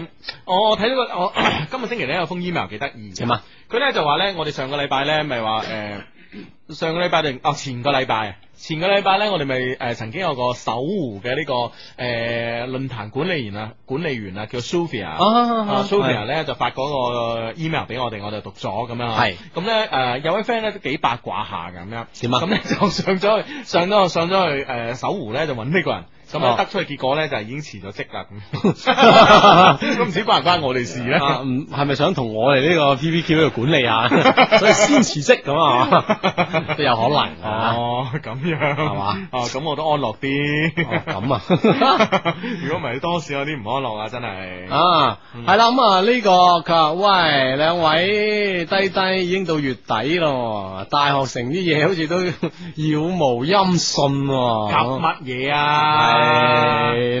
啊，我睇到、個我今個星期呢，有封 email 幾得意，係嘛？佢呢就話呢，我哋上個禮拜呢，咪話誒，上個禮拜定哦前個禮拜。前個禮拜咧，我哋咪誒曾經有個搜狐嘅呢個誒論壇管理員啊，管理員啊叫 Sophia，Sophia 啊咧就發個 email 俾我哋，我就讀咗咁樣，係咁咧誒有位 friend 咧都幾八卦下咁樣，點啊樣？咁咧就上咗去，上咗去，上咗去誒搜狐咧就揾呢個人。咁、嗯、啊，得出嘅結果咧就係已經辭咗職啦，咁都唔知關唔關我哋事咧？啊、是是嗯，係咪想同我哋呢個 P P Q 呢度管理啊？所以先辭職咁啊，都有可能啊。哦、嗯，咁樣係嘛？吧啊，咁我都安樂啲。咁啊，如果唔係， 當時有啲唔安樂啊，真係、嗯。啊，係啦，咁啊呢個佢話，喂，兩位低低，低已經到月底咯，大學城啲嘢好似都杳無音訊喎。搞乜嘢啊？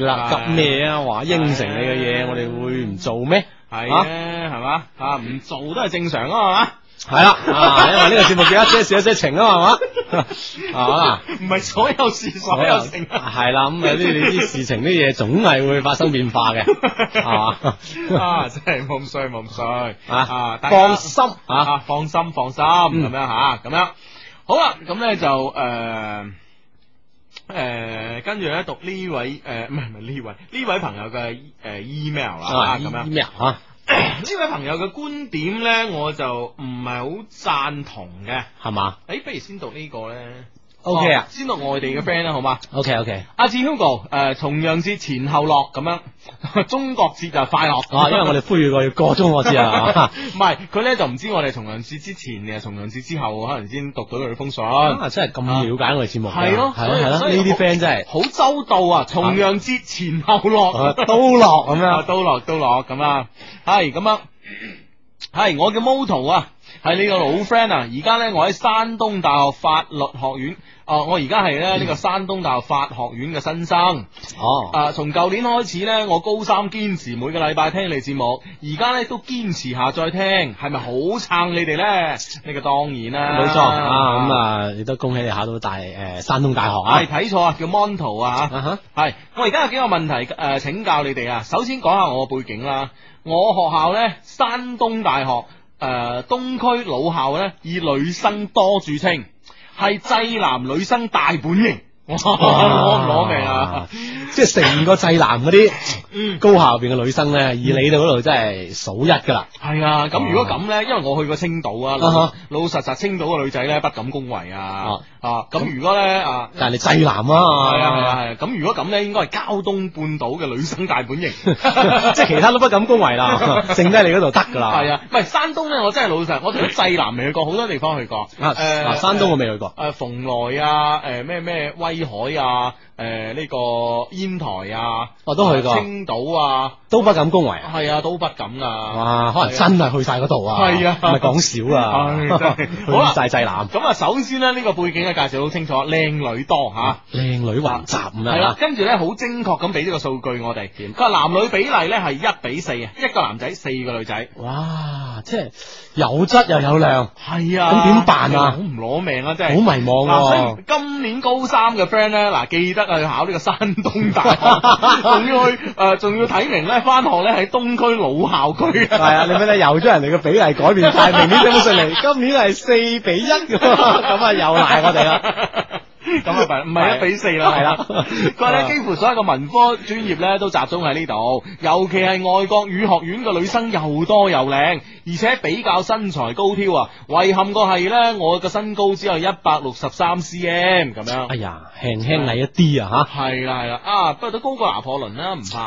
誒，啦，急咩啊？話應承你嘅嘢，我哋會唔做咩？係啊，係嘛，吓唔做都係正常啊嘛。係啦，因為呢個節目叫一些事一些情啊嘛，係嘛。啊，唔係所有事所有情。係啦，咁有啲你啲事情啲嘢總係會發生變化嘅，係嘛。啊，真係冇衰，冇衰啊！放心啊，放心，放心，咁樣吓，咁樣。好啦，咁咧就誒。誒，跟住咧讀呢位誒，唔係唔係呢位呢位朋友嘅誒、呃、email 啦，咁樣 email 吓呢位朋友嘅觀點咧，我就唔係好贊同嘅，係嘛吧？誒，不如先讀呢個咧。O K 啊，先讀外地嘅 friend 啦，好嘛？O K O K，阿志 Hugo，誒，重陽節前後落咁樣，中國節就快樂。哦，因為我哋呼籲過要過中國節啊。唔係，佢咧就唔知我哋重陽節之前定係重陽節之後，可能先讀到佢嘅封信。咁啊，真係咁了解我哋節目。係咯，係咯，呢啲 friend 真係好周到啊！重陽節前後落，都落咁樣，都落都落咁啦。係咁樣，係我叫 Moto 啊，係你個老 friend 啊。而家咧，我喺山東大學法律學院。哦、啊，我而家係咧呢個山東大學法學院嘅新生。哦，啊，從舊年開始呢，我高三堅持每個禮拜聽你節目，而家咧都堅持下載聽，係咪好撐你哋呢？呢、這個當然啦，冇錯啊。咁啊，亦、啊啊、都恭喜你考到大誒、呃、山東大學。係睇錯啊，錯叫 Monroe 啊吓。係、啊哈，我而家有幾個問題誒、呃，請教你哋啊。首先講下我嘅背景啦，我學校呢，山東大學誒、呃、東區老校呢，以女生多著稱。係濟南女生大本營，攞唔攞命啊！即係成個濟南嗰啲高校入邊嘅女生咧，二、嗯、你哋嗰度真係數一噶啦。係啊，咁如果咁咧，啊、因為我去過青島啊哈，老老實實青島嘅女仔咧，不敢恭維啊。啊啊，咁如果咧啊，但係你濟南啊，係啊係，咁、啊啊啊、如果咁咧，應該係膠東半島嘅女生大本營， 即係其他都不敢恭維啦， 剩低你嗰度得噶啦。係啊，唔係山東咧，我真係老實，我對濟南未去過，好多地方去過。誒、 呃啊，山東我未去過。誒、呃，蓬、呃呃、萊啊，誒咩咩威海啊。誒，呢個煙台啊，我都去過，青島啊，都不敢恭維，係啊，都不敢啊，哇，可能真係去晒嗰度啊，唔係講少啊？係真係去晒濟南。咁啊，首先咧，呢個背景嘅介紹好清楚，靚女多吓，靚女雲集啊。係啦，跟住咧，好精確咁俾呢個數據我哋，佢話男女比例咧係一比四啊，一個男仔四個女仔。哇！啊、即係有質又有量，係啊，咁點辦啊？好唔攞命啊！真係好迷茫啊！啊今年高三嘅 friend 咧，嗱，記得去考呢個山東大學，仲 要去誒，仲、呃、要睇明咧，翻學咧喺東區老校區。係 啊，你咩咧？又將人哋嘅比例改變晒，面面都冇出嚟。今年係四比一嘅，咁 啊又賴我哋啦。咁啊唔係一比四啦，係啦、啊。佢話咧 幾乎所有嘅文科專業咧都集中喺呢度，尤其係外國語學院嘅女生又多又靚。而且比較身材高挑啊，遺憾個係咧，我個身高只有一百六十三 cm 咁樣。哎呀，輕輕矮一啲啊嚇！係啦係啦，啊不過都高過拿破崙啦，唔怕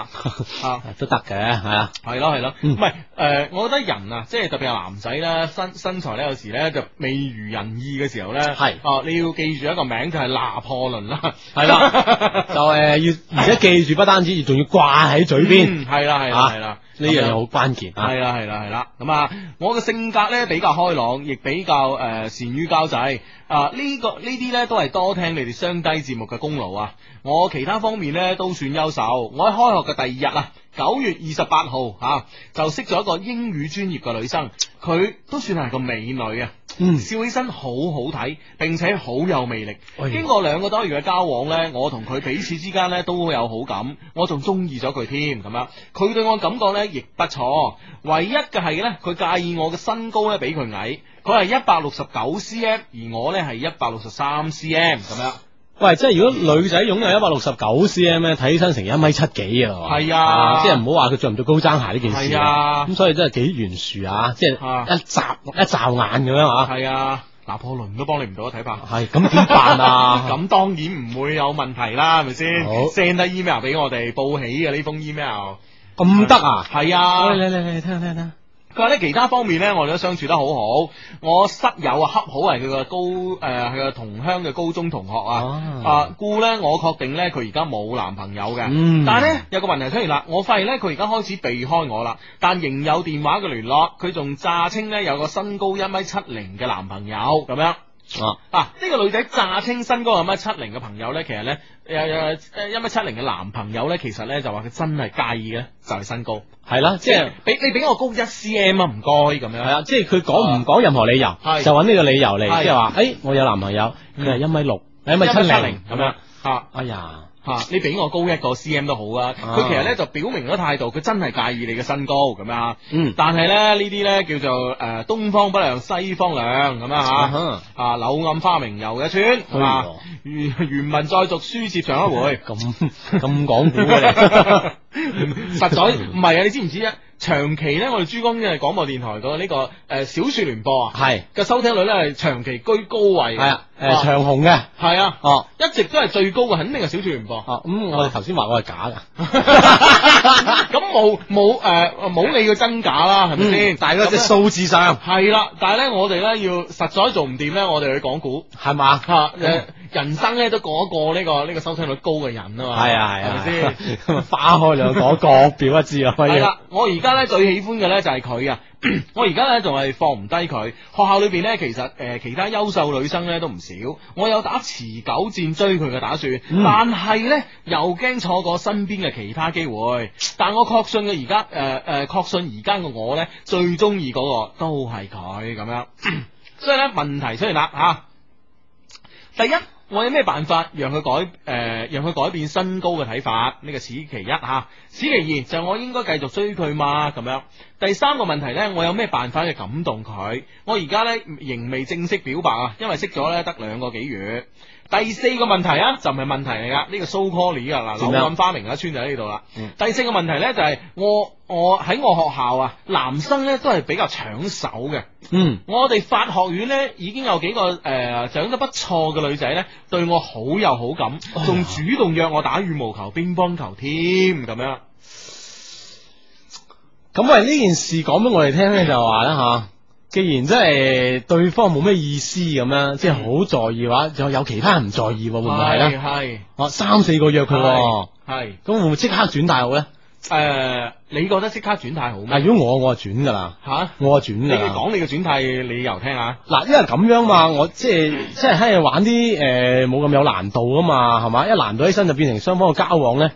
啊都得嘅係啊。係咯係咯，唔係誒，我覺得人啊，即係特別係男仔咧，身身材咧有時咧就未如人意嘅時候咧，係哦，你要記住一個名就係拿破崙啦，係啦，就係要而且記住不單止仲要掛喺嘴邊。係啦係啦係啦，呢樣好關鍵。係啦係啦係啦，咁啊～我嘅性格咧比較開朗，亦比較誒、呃、善於交際。啊！這個、呢個呢啲咧都係多聽你哋雙低節目嘅功勞啊！我其他方面咧都算優秀。我喺開學嘅第二日啊，九月二十八號吓就識咗一個英語專業嘅女生，佢都算係個美女啊，嗯，笑起身好好睇，並且好有魅力。哎、呀經過兩個多月嘅交往呢，我同佢彼此之間咧都有好感，我仲中意咗佢添咁樣。佢對我感覺呢，亦不錯，唯一嘅係呢，佢介意我嘅身高咧比佢矮。佢係一百六十九 cm，而我咧係一百六十三 cm 咁樣。喂，即係如果女仔擁有一百六十九 cm，睇起身成一米七幾是啊？係啊，即係唔好話佢着唔着高踭鞋呢件事。是啊，咁所以真係幾懸殊啊！即係一眨、啊、一眨眼咁樣啊！係啊，拿破崙都幫你唔到啊！睇法！係咁點辦啊？咁 當然唔會有問題啦，係咪先？send 低 email 俾我哋報喜嘅呢封 email。咁得啊？係是啊、哎！嚟嚟嚟嚟，聽下聽下。哎佢話咧其他方面咧，我哋都相處得好好。我室友啊，恰好係佢個高誒，佢個同鄉嘅高中同學啊。啊、oh. 呃，故咧我確定咧佢而家冇男朋友嘅。Mm. 但係咧有個問題出現啦，我發現咧佢而家開始避開我啦，但仍有電話嘅聯絡。佢仲詐稱咧有個身高一米七零嘅男朋友咁樣。哦，嗱、啊，呢、啊、個女仔詐稱身高有米七零嘅朋友咧，其實咧，誒誒誒，一米七零嘅男朋友咧，其實咧就話佢真係介意嘅，就係、是、身高，係啦的，即係是，比你比我高一 cm 啊，唔該咁樣，係啦，即係佢講唔講任何理由，啊、就揾呢個理由嚟，的即係話，誒、哎，我有男朋友，佢係一米六、嗯，一米七零，咁 0, 樣，吓、啊，哎呀。吓、啊，你比我高一個 cm 都好啊，佢、啊、其實咧就表明咗態度，佢真係介意你嘅身高咁樣、啊，嗯，但係咧呢啲咧叫做誒、呃、東方不亮西方亮咁樣吓、啊，啊，啊柳暗花明又一村、嗯、啊。原原文再續，書接上一回。咁咁講古嚟，實在唔係啊！你知唔知啊？長期咧，我哋珠江嘅廣播電台嘅呢個誒小說聯播啊，係個收聽率咧係長期居高位，係啊，誒長紅嘅，係啊，哦，一直都係最高嘅，肯定係小說聯播。哦，咁我哋頭先話我係假嘅，咁冇冇誒冇理佢真假啦，係咪先？大家嗰隻數字上係啦，但係咧我哋咧要實在做唔掂咧，我哋去講古係嘛，吓人生咧都過一過呢個呢個收聽率高嘅人啊嘛，係啊係啊，係咪先？花開兩朵各表一枝啊，係啦，我而家。而家咧最喜歡嘅咧就係佢啊！我而家咧仲係放唔低佢。學校裏邊咧其實誒、呃、其他優秀女生咧都唔少，我有打持久戰追佢嘅打算，嗯、但係咧又驚錯過身邊嘅其他機會。但我確信嘅而家誒誒，呃呃、確信而家嘅我咧最中意嗰個都係佢咁樣。 所以咧問題出現啦吓，第一。我有咩辦法讓佢改誒、呃，讓佢改變身高嘅睇法？呢、這個此其一吓，此其二就我應該繼續追佢嘛咁樣。第三個問題咧，我有咩辦法去感動佢？我而家咧仍未正式表白啊，因為識咗咧得兩個幾月。第四個問題啊，就唔係問題嚟噶，呢、這個 so called 啊，嗱了，柳暗花明一村就喺呢度啦。嗯、第四個問題呢，就係、是、我我喺我學校啊，男生呢都係比較搶手嘅。嗯，我哋法學院呢，已經有幾個誒、呃、長得不錯嘅女仔呢，對我好有好感，仲呀主動約我打羽毛球、乒乓球添，咁樣。咁為呢件事講俾我哋聽唉呢，就話啦嚇。既然即係對方冇咩意思咁樣，即係好在意嘅話，仲有其他人唔在意會唔會係咧？係我是是 三四個約佢，係咁是是 會唔會即刻轉大學咧？誒。你覺得即刻轉態好咩？嗱，如果我我啊轉噶啦，吓我啊轉噶。你講你嘅轉態理由聽下。嗱，因為咁樣嘛，我即係即係喺度玩啲誒冇咁有難度啊嘛，係嘛？一難度起身就變成雙方嘅交往咧，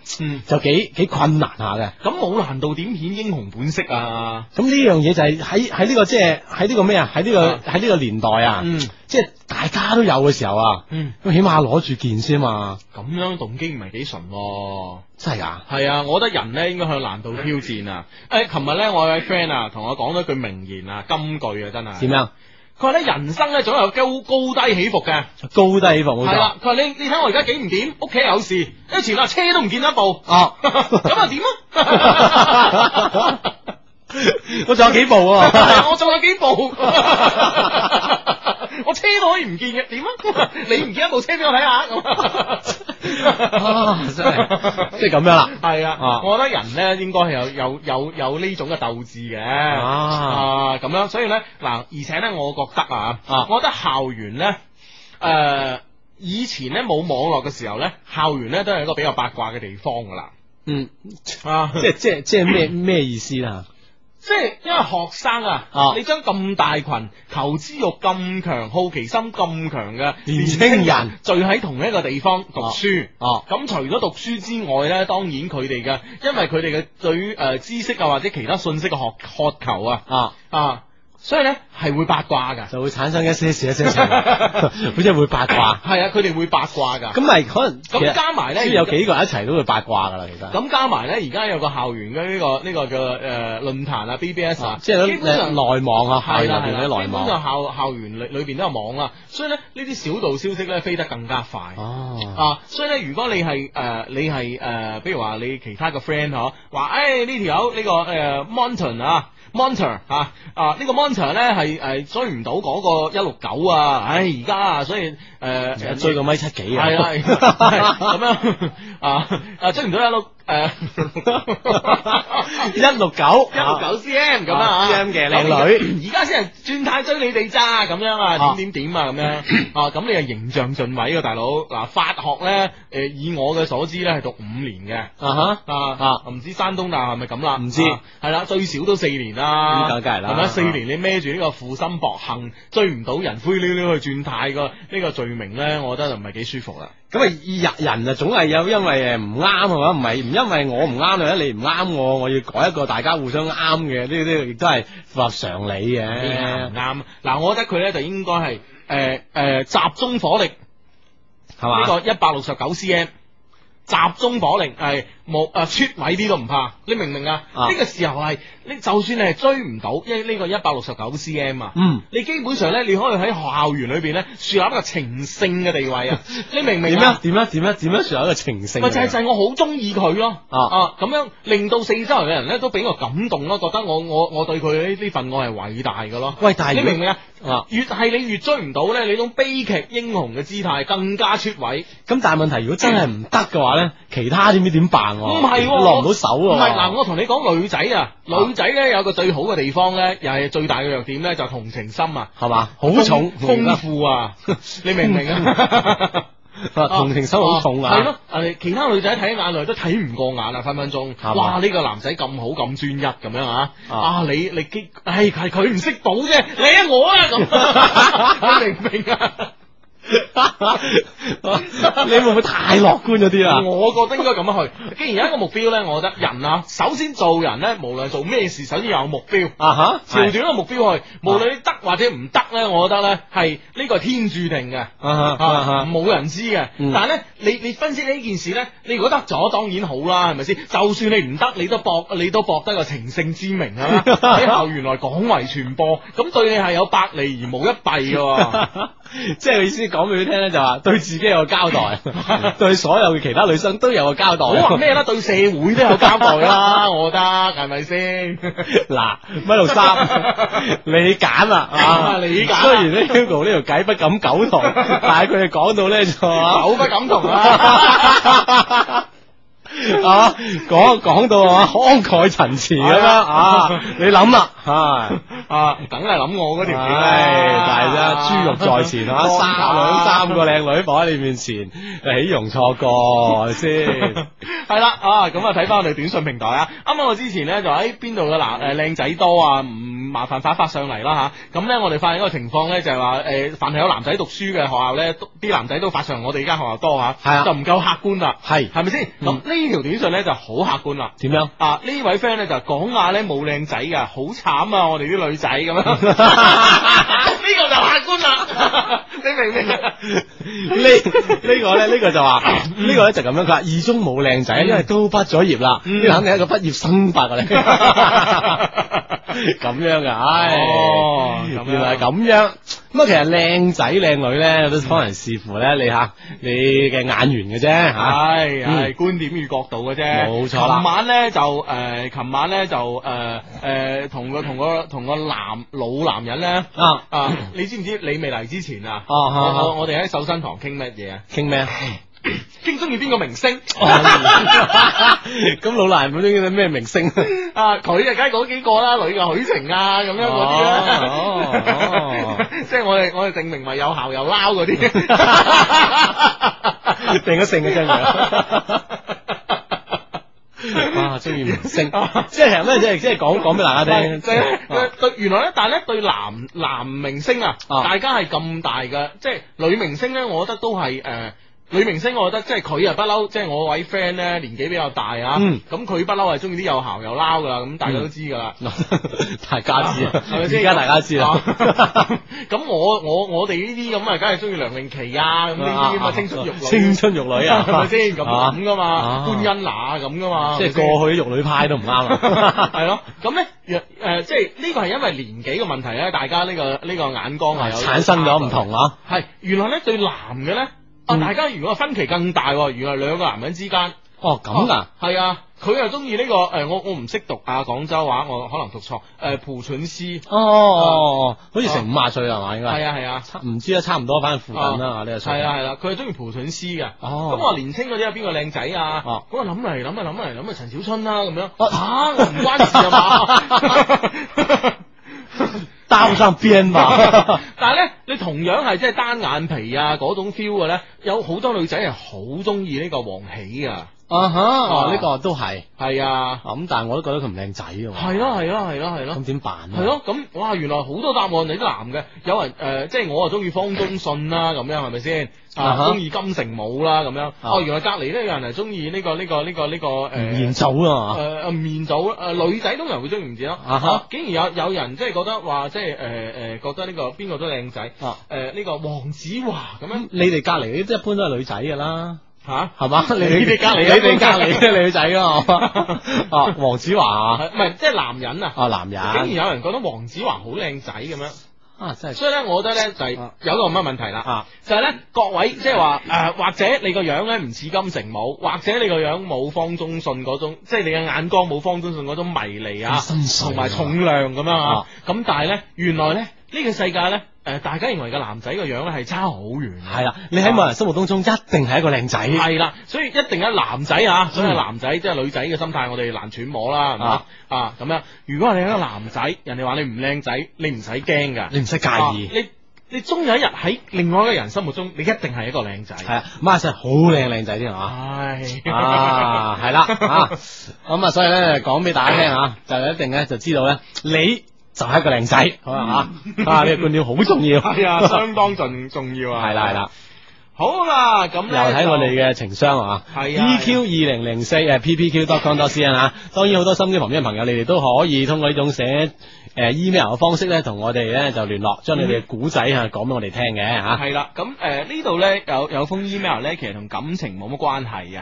就幾幾困難下嘅。咁冇難度點顯英雄本色啊？咁呢樣嘢就係喺喺呢個即係喺呢個咩啊？喺呢個喺呢個年代啊，即係大家都有嘅時候啊，咁起碼攞住劍先啊嘛。咁樣動機唔係幾純，真係啊？係啊，我覺得人咧應該向難度挑戰。哎、啊！誒，琴日咧，我位 friend 啊，同我講咗句名言啊，金句啊，真係。點樣麼？佢話咧，人生咧，總有高高低起伏嘅，高低起伏。係啦，佢話、啊、你你睇我而家幾唔掂？屋企有事，跟、哎、前日車都唔見得一部。啊，咁啊點啊？ 我仲有幾部啊？ 我仲有幾部、啊。 我車都可以唔見嘅，點啊？你唔見一部車俾我睇下咁，真係即係咁樣啦，係 啊。啊我覺得人咧應該係有有有有呢種嘅鬥志嘅啊咁樣，所以咧，嗱，而且咧，我覺得啊，我覺得校園咧誒，啊嗯、以前咧冇網絡嘅時候咧，校園咧都係一個比較八卦嘅地方噶啦。嗯，即係即係即係咩咩意思啊？即係因為學生啊，啊，你將咁大群求知欲咁強、好奇心咁強嘅年輕人聚喺同一個地方讀書，啊，咁、啊、除咗讀書之外呢，當然佢哋嘅，因為佢哋嘅對於知識啊或者其他信息嘅學渴求啊，啊。啊所以咧係會八卦噶，就會產生一些事，一些情，好似會八卦。係 啊，佢哋會八卦噶。咁咪可能咁加埋咧，即係有幾個一齊都會八卦噶啦。其實咁加埋咧，而家有個校園嘅呢、呢個呢、呢個叫，誒論壇啊，BBS 啊，即係基本上內網啊，內邊啲內網，校園裡面網校，校園裏裏邊都有網啊，啊。所以咧，呢啲小道消息咧飛得更加快。哦、呃哎這個這個 uh，啊，所以咧，如果你係誒你係誒，比如話你其他嘅 friend 呵，話誒呢條友呢個誒 Mountain 啊。monster 吓啊呢個 monster 咧係誒追唔到嗰個一六九啊，唉而家啊，這個啊，啊哎、所以誒誒、呃、追個米七幾啊，係係咁樣啊啊，啊，啊，啊，啊追唔到一六。誒，一六九一六九 cm 咁樣，cm 嘅靚女，而家先係轉態追你哋咋，咁樣啊，點點點啊，咁樣啊，咁你啊形象盡位嘅大佬，嗱，法學咧，誒，以我嘅所知咧係讀五年嘅，啊哈，啊啊，唔知山東大係咪咁啦，唔知，係啦，最少都四年啦，咁個梗係啦，係咪，四年你孭住呢個負心薄幸，追唔到人灰溜溜去轉態個呢個罪名咧，我覺得就唔係幾舒服啦。咁啊，人人啊，總係有因為誒唔啱係嘛，唔係唔因為我唔啱啊，你唔啱我，我要改一個大家互相啱嘅。呢呢個亦都係符合常理嘅啱。嗱、嗯嗯嗯嗯嗯嗯，我覺得佢咧就應該係誒誒集中火力，係嘛，呢個一百六十九 cm 集中火力係。冇啊！出位啲都唔怕，你明唔明啊？呢個時候係，你就算你係追唔到，因為呢個一百六十九 cm，啊、嗯，你基本上咧，你可以喺校園裏邊咧，樹立一個情聖嘅地位啊！ 你明唔明？點樣？點樣？點樣？點樣？樹立一個情聖，咪就係、就係、我好中意佢咯，啊啊！咁樣令到四周嘅人咧都俾我感動咯，覺得我我我對佢呢份愛係偉大嘅咯。喂，但係，你明唔明啊越？越係你越追唔到咧，你種悲劇英雄嘅姿態更加出位。咁但係問題，如果真係唔得嘅話咧，其他點知點辦？唔係，落唔到手啊。唔係嗱，我同你講女仔啊，啊女仔咧有個最好嘅地方咧，又係最大嘅弱點咧，就係、同情心啊，係嘛，好重，豐風富啊， 你明唔明啊？ 同情心好重啊，係、啊啊、咯。誒，其他女仔睇眼淚都睇唔過眼啊，分分鐘。吧哇，呢個男仔咁好咁專一咁樣啊，啊,啊，你你激，係佢唔識到啫，你啊、哎、我啊， 你明唔明？啊？你會唔會太樂觀咗啲啊？我覺得應該咁樣去。既然有一個目標咧，我覺得人啊，首先做人咧，無論做咩事，首先有目標啊。吓，朝住呢個目標去，無論你得或者唔得咧，我覺得咧係呢個係天注定嘅，冇人知嘅。但係咧，你你分析呢件事咧，你如果得咗，當然好啦，係咪先？就算你唔得，你都博，你都博得個情勝之名係嘛？以後原來廣為傳播，咁對你係有百利而無一弊嘅，即係你意思。講俾佢聽咧，就話、是、對自己有個交代， 對所有嘅其他女生都有個交代。好話咩咧？對社會都有交代 是是啦，我得係咪先？嗱，米六三， 你揀啦 啊！你揀。啊、雖然咧 Hugo 呢條計不敢苟同， 但係佢哋講到咧就苟、是、不敢同啦。啊 啊，講講到啊慷慨陳詞咁樣啊，你諗啦，係啊，梗係諗我嗰條片啦，係真、啊，豬、啊、肉在前啊，三兩三個靚女、啊、女放喺你面前，豈容錯過先？係啦， 啊，咁啊睇翻我哋短信平台啊，啱啱我之前咧就喺邊度嘅嗱誒，靚、呃、仔多啊，唔、嗯。麻煩發一發上嚟啦吓，咁咧我哋發現一個情況咧就係話，誒，凡係有男仔讀書嘅學校咧，啲男仔都發上我哋呢間學校多啊，就唔夠客觀啦，係，係咪先？咁呢條短信咧就好客觀啦，點樣？啊，呢位 friend 咧就講話咧冇靚仔嘅，好慘啊！我哋啲女仔咁樣，呢個就客觀啦，你明唔明？呢呢個咧呢個就話，呢個咧就咁樣，佢話二中冇靚仔，因為都畢咗業啦，呢肯定係一個畢業生發嘅咧，咁樣。唉，原來係咁樣。咁啊，其實靚仔靚女咧都可能視乎咧你吓你嘅眼緣嘅啫，係係觀點與角度嘅啫。冇錯啦。琴晚咧就誒，琴晚咧就誒誒，同個同個同個男老男人咧啊啊，你知唔知你未嚟之前啊？我我哋喺瘦身堂傾乜嘢啊？傾咩啊？經中意邊個明星？咁、哦、老蘭唔中意咩明星？ 啊，佢就梗係嗰幾個啦，女嘅許晴啊咁樣嗰啲。哦哦，即係我哋我哋定名為有效又撈嗰啲，定咗性嘅真係。啊，中意明星，即係咩？即係即係講講俾大家聽。即係對原來咧，但係咧對男男明星啊，大家係咁大嘅，即係女明星咧，我覺得都係誒。呃女明星，我覺得即係佢啊，不嬲，即係我位 friend 咧，年紀比較大啊，咁佢不嬲係中意啲又姣又撈噶啦，咁大家都知噶啦。大家知，啊，係咪先？而家大家知啊。咁我我我哋呢啲咁啊，梗係中意梁詠琪啊，咁呢啲咁啊青春玉女。青春玉女啊，係咪先咁咁噶嘛？觀音乸咁噶嘛？即係過去啲玉女派都唔啱啊，係咯。咁咧，誒，即係呢個係因為年紀嘅問題咧，大家呢個呢個眼光係有產生咗唔同啊。係原來咧，對男嘅咧。啊！大家如果分歧更大，原來兩個男人之間哦咁噶，係啊，佢又中意呢個誒，我我唔識讀啊，廣州話我可能讀錯誒，濮存昕哦好似成五十歲係嘛，應該係啊係啊，唔知啊，差唔多反正附近啦，呢個係啊，係啦，佢係中意濮存昕嘅哦，咁我年青嗰啲有邊個靚仔啊？哦，咁我諗嚟諗啊諗嚟諗啊，陳小春啦咁樣啊，我唔關事啊嘛。加深 B M 但係咧，你同樣係即係單眼皮啊嗰種 feel 嘅咧，有好多女仔係好中意呢個王喜啊，啊哈，呢個都係，係啊，咁、啊嗯、但係我都覺得佢唔靚仔喎，係咯係咯係咯係咯，咁點、啊啊啊啊、辦咧？係咯、啊，咁哇原來好多答案你都男嘅，有人誒即係我啊中意方中信啦、啊，咁樣係咪先？啊！中意金城武啦，咁樣哦。原來隔籬咧，有人係中意呢個呢個呢個呢個誒，面祖咯，誒誒，面祖誒，女仔通常會中意唔知咯。啊竟然有有人即係覺得話，即係誒誒，覺得呢個邊個都靚仔。誒，呢個黃子華咁樣。你哋隔籬即一般都係女仔噶啦。吓，係嘛？你哋隔籬，你哋隔籬即係女仔啊。哦，黃子華唔係，即係男人啊。哦，男人。竟然有人覺得黃子華好靚仔咁樣。啊、所以咧，我覺得咧、啊、就係有一個乜問題啦，啊、就係咧各位即係話誒，或者你個樣咧唔似金城武，或者你個樣冇方中信嗰種，即、就、係、是、你嘅眼光冇方中信嗰種迷離啊，同埋、啊、重量咁樣啊，咁但係咧，原來咧呢、這個世界咧。誒，大家認為嘅男仔個樣咧係差好遠係啦。你喺某人心目當中一定係一個靚仔，係啦。所以一定咧男仔啊，所以男仔、嗯、即係女仔嘅心態，我哋難揣摩啦，係嘛啊咁樣。如果你係一個男仔，人哋話你唔靚仔，你唔使驚噶，你唔使介意。你你終有一日喺另外一個人心目中，你一定係一個靚仔，係唉啊，咁啊好靚靚仔添，係嘛，係啊，係啦啊，咁啊，所以咧講俾大家聽啊，就一定咧就知道咧你。就係一個靚仔好啦吓啊！呢、 啊呢個觀念好重要，係 啊，相當重重要啊，係啦、 啊，係啦、啊。好啦，咁又睇我哋嘅情商啊，係啊，E Q 二零零四誒，P P Q dot com dot C N 吓，當然好多身邊旁邊朋友，朋友你哋都可以通過呢種寫誒、呃、email 嘅方式咧，同我哋咧就聯絡，將你哋嘅古仔吓講俾我哋聽嘅吓。係、啊、啦，咁誒、呃、呢度咧有有封 email 咧，其實同感情冇乜關係嘅。誒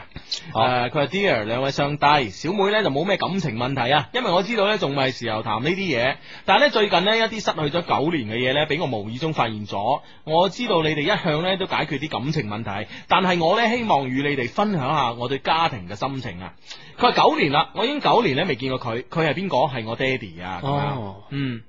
好，佢話、呃、Dear 兩位上帝，小妹咧就冇咩感情問題啊，因為我知道咧仲唔係時候談呢啲嘢，但係咧最近咧一啲失去咗九年嘅嘢咧，俾我無意中發現咗，我知道你哋一向咧都解決啲感。感情問題，但係我咧希望與你哋分享下我對家庭嘅心情啊！佢話九年啦，我已經九年咧未見過佢，佢係邊個？係我爹哋啊！哦，oh。嗯。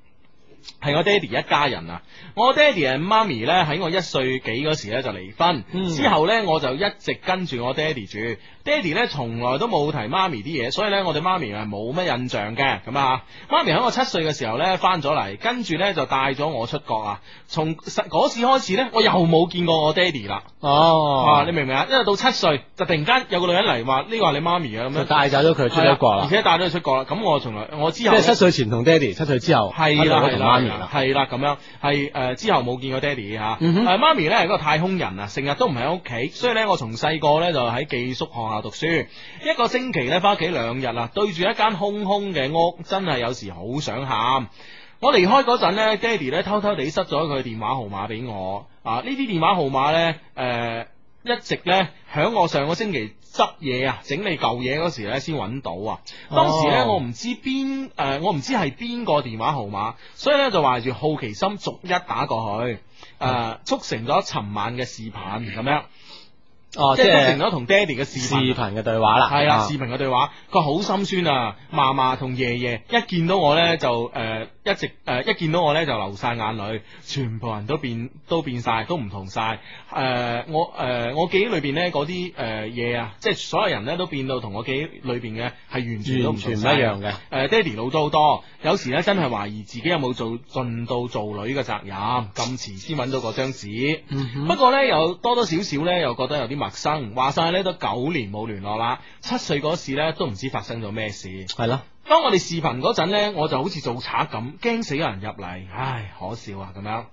係我爹哋一家人啊！我爹哋啊媽咪咧，喺我一歲幾嗰時咧就離婚，嗯、之後咧我就一直跟住我爹哋住。爹哋咧從來都冇提媽咪啲嘢，所以咧我對媽咪係冇乜印象嘅。咁啊，媽咪喺我七歲嘅時候咧翻咗嚟，跟住咧就帶咗我出國啊！從嗰時開始咧，我又冇見過我爹哋啦。哦，你明唔明啊？因為到七歲就突然間有個女人嚟話呢個係你媽咪啊，咁樣，帶走咗佢出國啦，啊，而且帶咗佢出國啦。咁我從來我之後即係七歲前同爹哋，七歲之後係啦啦。係啦，係啦，咁樣係誒、呃，之後冇見過爹哋吓，媽、啊嗯哼呃、咪呢係一個太空人啊，成日都唔喺屋企，所以呢，我從細個呢就喺寄宿學校讀書，一個星期呢翻屋企兩日啊，對住一間空空嘅屋，真係有時好想喊。我離開嗰陣呢，爹哋呢偷偷地塞咗佢電話號碼俾我啊，呢啲電話號碼呢，誒、呃，一直呢響我上個星期。執嘢啊，整理舊嘢嗰時咧，先揾到啊。當時呢、呃，我唔知邊誒，我唔知係邊個電話號碼，所以咧就懷住好奇心逐一打過去，誒、呃，促成咗尋晚嘅視頻咁樣。哦，即係促成咗同爹哋嘅視頻視頻嘅對話啦。係啦，視頻嘅對話，佢好心酸啊，嫲嫲同爺爺一見到我呢，就誒。呃一直誒、呃，一見到我咧就流晒眼淚，全部人都變都變晒，都唔同晒。誒，我誒、呃，我記憶裏邊咧嗰啲誒嘢，啊，即係所有人咧都變到同我記憶裏邊嘅係完全都唔一樣嘅。誒，爹哋老咗好多，多，有時咧真係懷疑自己有冇做盡到做女嘅責任，咁遲先搵到嗰張紙。不過咧又多多少少咧又覺得有啲陌生。話晒咧都九年冇聯絡啦，七歲嗰時咧都唔知發生咗咩事。係啦。當我哋視頻嗰陣呢，我就好似做賊咁，驚死有人入嚟，唉，可笑啊！咁樣，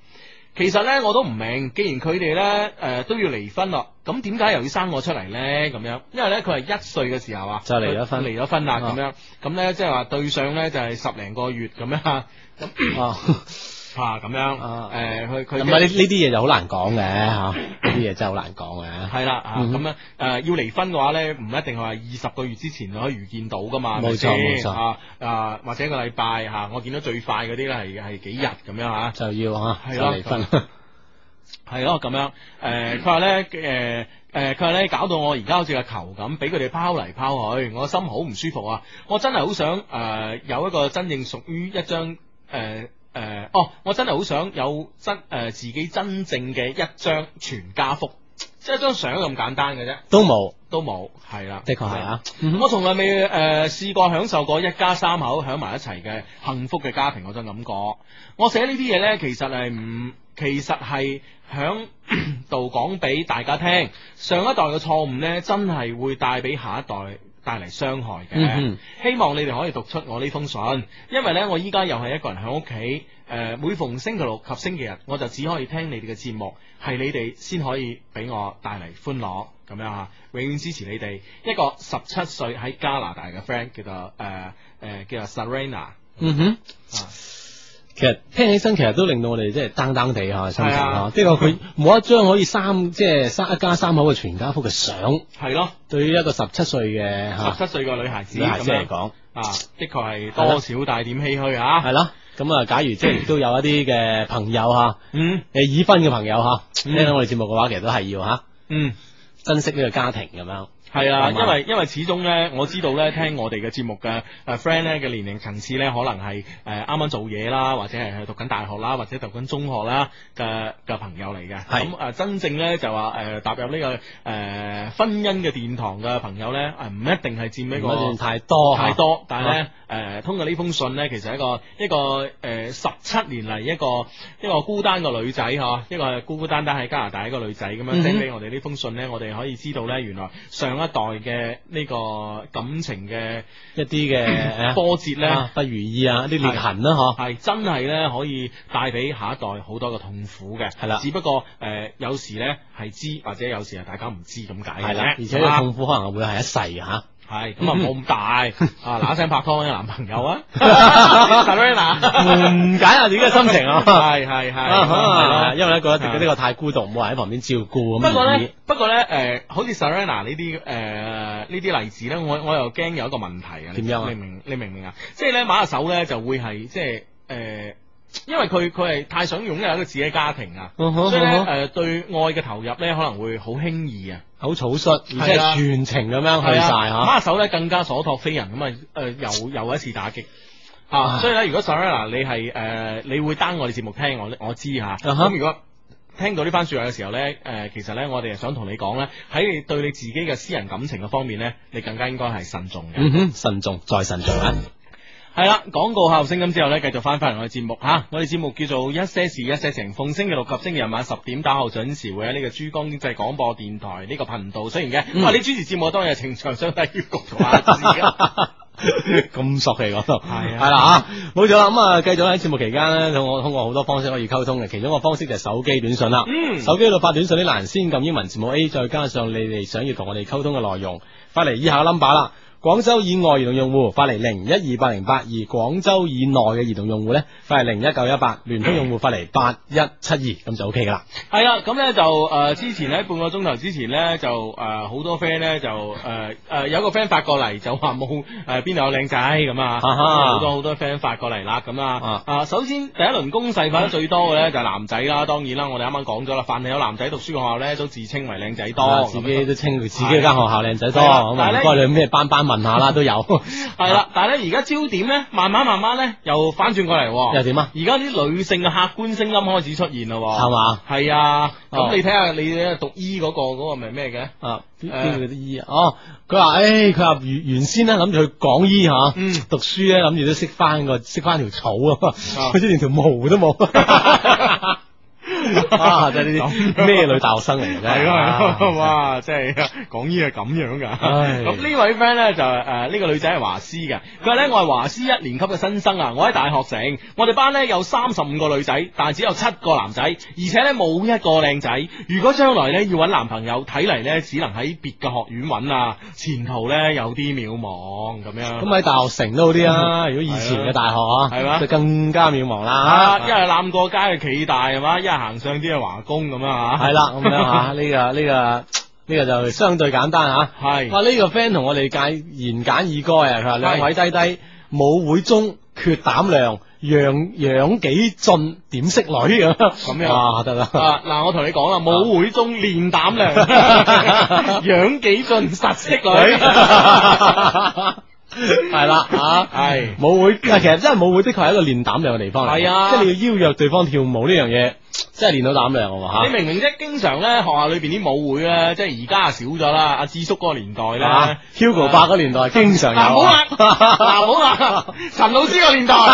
其實呢，我都唔明，既然佢哋呢誒、呃、都要離婚咯，咁點解又要生我出嚟呢？咁樣，因為呢，佢係一歲嘅時候啊，就離咗婚，離咗婚啦，咁樣，咁咧即係話對上呢，就係十零個月咁樣，咁啊吓咁、啊、樣，誒、啊，佢佢呢呢啲嘢，就好難講嘅吓。啊啲嘢真係好難講嘅嚇，係啦啊，咁樣誒， 嗯嗯、要離婚嘅話咧，唔一定話二十個月之前就可以預見到噶嘛，冇錯冇錯啊啊，或者一個禮拜嚇，我見到最快嗰啲咧係係幾日咁樣嚇，就要啊，要、啊、離婚，係咯咁樣誒，佢話咧誒誒，佢話咧搞到我而家好似個球咁，俾佢哋拋嚟拋去，我心好唔舒服啊，我真係好想誒、呃、有一個真正屬於一張誒。呃呃嗯誒、呃，哦，我真係好想有真誒、呃、自己真正嘅一張全家福，即係一張相咁簡單嘅啫，都冇，都冇，係啦，的確係啊。的我從來未誒試過享受過一家三口響埋一齊嘅幸福嘅家庭嗰種感覺。我寫呢啲嘢呢，其實係唔，其實係響度講俾大家聽，上一代嘅錯誤呢，真係會帶俾下一代。帶嚟傷害嘅，希望你哋可以讀出我呢封信，因為呢，我依家又係一個人喺屋企，誒，每逢星期六及星期日我就只可以聽你哋嘅節目，係你哋先可以俾我帶嚟歡樂，咁樣啊，永遠支持你哋。一個十七歲喺加拿大嘅 friend 叫做誒誒，叫 Sarana。嗯哼。嗯哼其實聽起身，其實都令到我哋即係噔噔地吓心情，即係佢冇一張可以三即係三一家三口嘅全家福嘅相。係咯，對於一個十七歲嘅十七歲個女孩子咁嚟講，啊的確係多少帶點唏噓吓。係咯，咁啊，假如即係都有一啲嘅朋友吓，嗯，誒已婚嘅朋友吓，聽到我哋節目嘅話，其實都係要吓，嗯，珍惜呢個家庭咁樣。係啊，因為因為始終咧，我知道咧，聽我哋嘅節目嘅誒、uh, friend 咧嘅年齡層次咧，可能係誒啱啱做嘢啦，或者係讀緊大學啦，或者讀緊中學啦嘅嘅朋友嚟嘅。咁誒是的、呃、真正咧，就話誒、呃、踏入呢、呢個誒、呃、婚姻嘅殿堂嘅朋友咧，誒、呃、唔一定係佔呢個太多太多。但係咧誒通過呢封信咧，其實一個一個誒十七年嚟一個一個，一個孤單嘅女仔吓一個孤孤單單喺加拿大一個女仔咁樣 send 俾我哋呢封信咧，我哋可以知道咧，原來，原來，原來，原來上。一代嘅呢、呢個感情嘅一啲嘅波折咧、啊，不如意啊，啲裂痕啦，嗬的，係、啊、真係咧可以帶俾下一代好多嘅痛苦嘅，係啦的，只不過誒、呃、有時咧係知或者有時係大家唔知咁解嘅，係啦，而且個痛苦可能會係一世吓。啊係咁 啊，冇咁大啊，嗱一聲拍拖有男朋友 啊你，Sarana，緩 解下自己嘅心情啊，係係係，因為咧覺得自己呢個太孤獨，冇 人喺旁邊照顧咁。 不過咧，不過咧，誒，好似 Sarana 呢啲，誒呢，呃，啲例子咧，我我又驚有一個問題啊，點樣有？你明你明唔明啊？即係咧，抹下手咧，就會係即係誒。呃因為佢佢係太想擁有一個自己嘅家庭啊，所以咧誒對愛嘅投入咧可能會好輕易啊，好草率，而且係全程咁樣去晒吓。馬首咧更加所託非人，咁啊誒又又一次打擊啊。所以咧，如果 Sara 你係誒、呃、你會單我哋節目聽我我知吓。咁、啊 uh huh. 如果聽到呢番說話嘅時候咧，誒、呃、其實咧我哋係想同你講咧，喺你對你自己嘅私人感情嘅方面咧，你更加應該係慎重嘅。哼、uh，huh. 慎重再慎重啊！重係啦，廣告後聲音之後咧，繼續翻返嚟我哋節目吓、啊，我哋節目叫做一些事一些情，逢星期六及星期日晚十點打後準時會喺呢個珠江經濟廣播電台呢、這個頻道，雖然嘅，我哋、嗯啊、主持節目當日係情長相抵於局度。咁索氣嗰度，係係啦吓，冇咗啦。咁啊，繼、嗯、續喺節目期間呢，我通過好多方式可以溝通嘅，其中一個方式就係手機短信啦。嗯，手機度發短信啲人先撳英文字母 A，再加上你哋想要同我哋溝通嘅內容，翻嚟以下 number 啦。廣州以外移動用戶發嚟零一二八零八，而廣州以內嘅移動用戶呢，發嚟零一九一八，聯通用戶發嚟八一七二，咁就 OK 噶啦。係啦，咁咧就誒，之前呢，半個鐘頭之前呢，就誒，好、呃、多 friend 呢，就誒誒、呃，有個 friend 發過嚟就話冇誒邊度有靚仔咁啊，好、啊哈 嗯、多好多 friend 發過嚟啦咁啊啊，哈 啊，首先第一輪攻勢發得最多嘅呢，就係男仔啦，當然啦，我哋啱啱講咗啦，凡係有男仔讀書嘅學校呢，都自稱為靚仔多、嗯，自己都稱佢自己間學校靚仔多。的嗯、但係咧，咩班班？問下啦，都有係啦， 但係咧而家焦點咧，慢慢慢慢咧又反轉過嚟，又點啊？而家啲女性嘅客觀聲音開始出現咯，係嘛吧？係啊，咁、哦、你睇下你讀醫嗰個嗰個，咪咩嘅？啊，邊啲醫啊？哦、哎，佢話，誒，佢話原原先咧諗住去講醫吓，嗯、讀書咧諗住都識翻個識翻條草，佢、嗯、 連條毛都冇。 哇！真係呢啲咩女大學生嚟真係，哇！即係講嘢係咁樣噶，咁呢位 friend 咧就誒呢個女仔係華師嘅，佢話咧，我係華師一年級嘅新生啊，我喺大學城，我哋班咧有三十五個女仔，但係只有七個男仔，而且咧冇一個靚仔。如果將來咧要搵男朋友，睇嚟咧只能喺別嘅學院搵啊，前途咧有啲渺茫咁樣。咁喺大學城都好啲啊，如果以前嘅大學啊，係嘛就更加渺茫啦，因一係攬過街嘅暨大係嘛，一行。行上啲嘅華工咁樣吓，係啦咁樣吓，呢個呢個呢個就相對簡單吓。係，哇呢個 friend 同我哋解言簡意賅啊，佢話兩位低低。舞會中缺膽量，養養幾進點識女咁樣啊？得啦，嗱我同你講啦，舞會中練膽量，養幾進實識女，係啦啊，係舞會，其實真係舞會的確係一個練膽量嘅地方嚟，即係你要邀約對方跳舞呢樣嘢。真係練到膽量，我話吓。你明唔明？即係經常咧，學校裏邊啲舞會咧，即係而家少咗啦。阿智叔嗰個年代咧，Hugo 八嗰年代經常有。嗱，好啦， 嗱，好啦，陳老師個年代。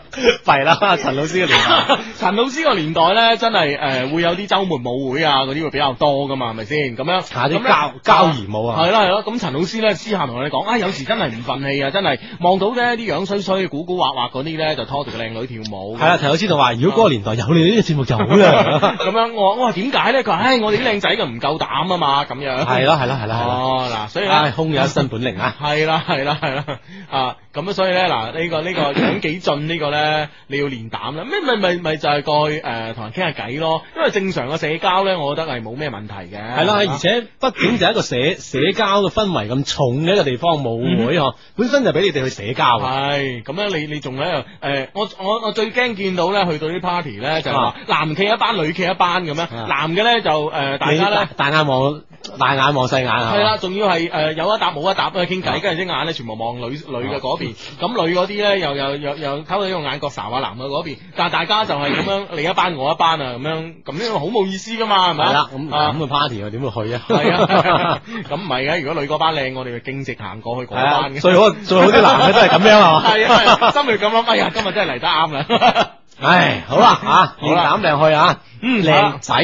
弊啦， 陳老師嘅年代， 陳老師個年代咧，真係誒、呃、會有啲周末舞會啊，嗰啲會比較多噶嘛，係咪先？咁樣，啲交樣交誼舞啊，啊，係啦係啦。咁陳老師咧私下同我哋講，有時真係唔憤氣啊，真係望到咧啲樣衰衰、古古惑惑嗰啲咧，就拖住個靚女跳舞。係啊，陳老師就話：如果嗰個年代有你呢個節目就好啦。咁 樣我我話點解咧？佢、啊、話：唉、哎，我哋啲靚仔就唔夠膽啊嘛。咁樣係啦係啦係啦係嗱，所以，啊所以啊啊、空有一身本領啊。係啦係啦係啦啊！啊咁所以咧嗱，呢、這個這個這個呢個幾幾呢個咧，你要練膽啦。咩咪咪咪就係過去誒同、呃、人傾下偈咯。因為正常嘅社交咧，我覺得係冇咩問題嘅。係啦吧，而且畢竟就係一個社社交嘅氛圍咁重嘅一個地方舞會呵，本身就俾你哋去社交。係咁樣你你仲喺誒我我我最驚見到咧，去到啲 party 咧，就話、是哦、男企一班，女企一班咁樣，男嘅咧就誒、呃、的大家咧大眼望大眼望細眼啊。係啦、嗯，仲要係誒有一搭冇一搭去傾偈，跟住隻眼咧全部望女、嗯嗯、女嘅嗰。嗯 that 嗯咁女嗰啲咧又又又又偷到呢用眼角睄下男嘅嗰邊，但係大家就係咁樣你一班我一班啊咁樣，咁樣好冇意思噶嘛，係咪？係啦，咁咁嘅 party 又點會去啊？係啊，咁唔係嘅，如果女嗰班靚，我哋咪徑直行過去嗰班嘅。最好最好啲男嘅都係咁樣啊嘛。係啊，心裏咁諗，哎呀，今日真係嚟得啱啦。唉，好啦，吓，要膽嚟去啊，嗯，靚仔。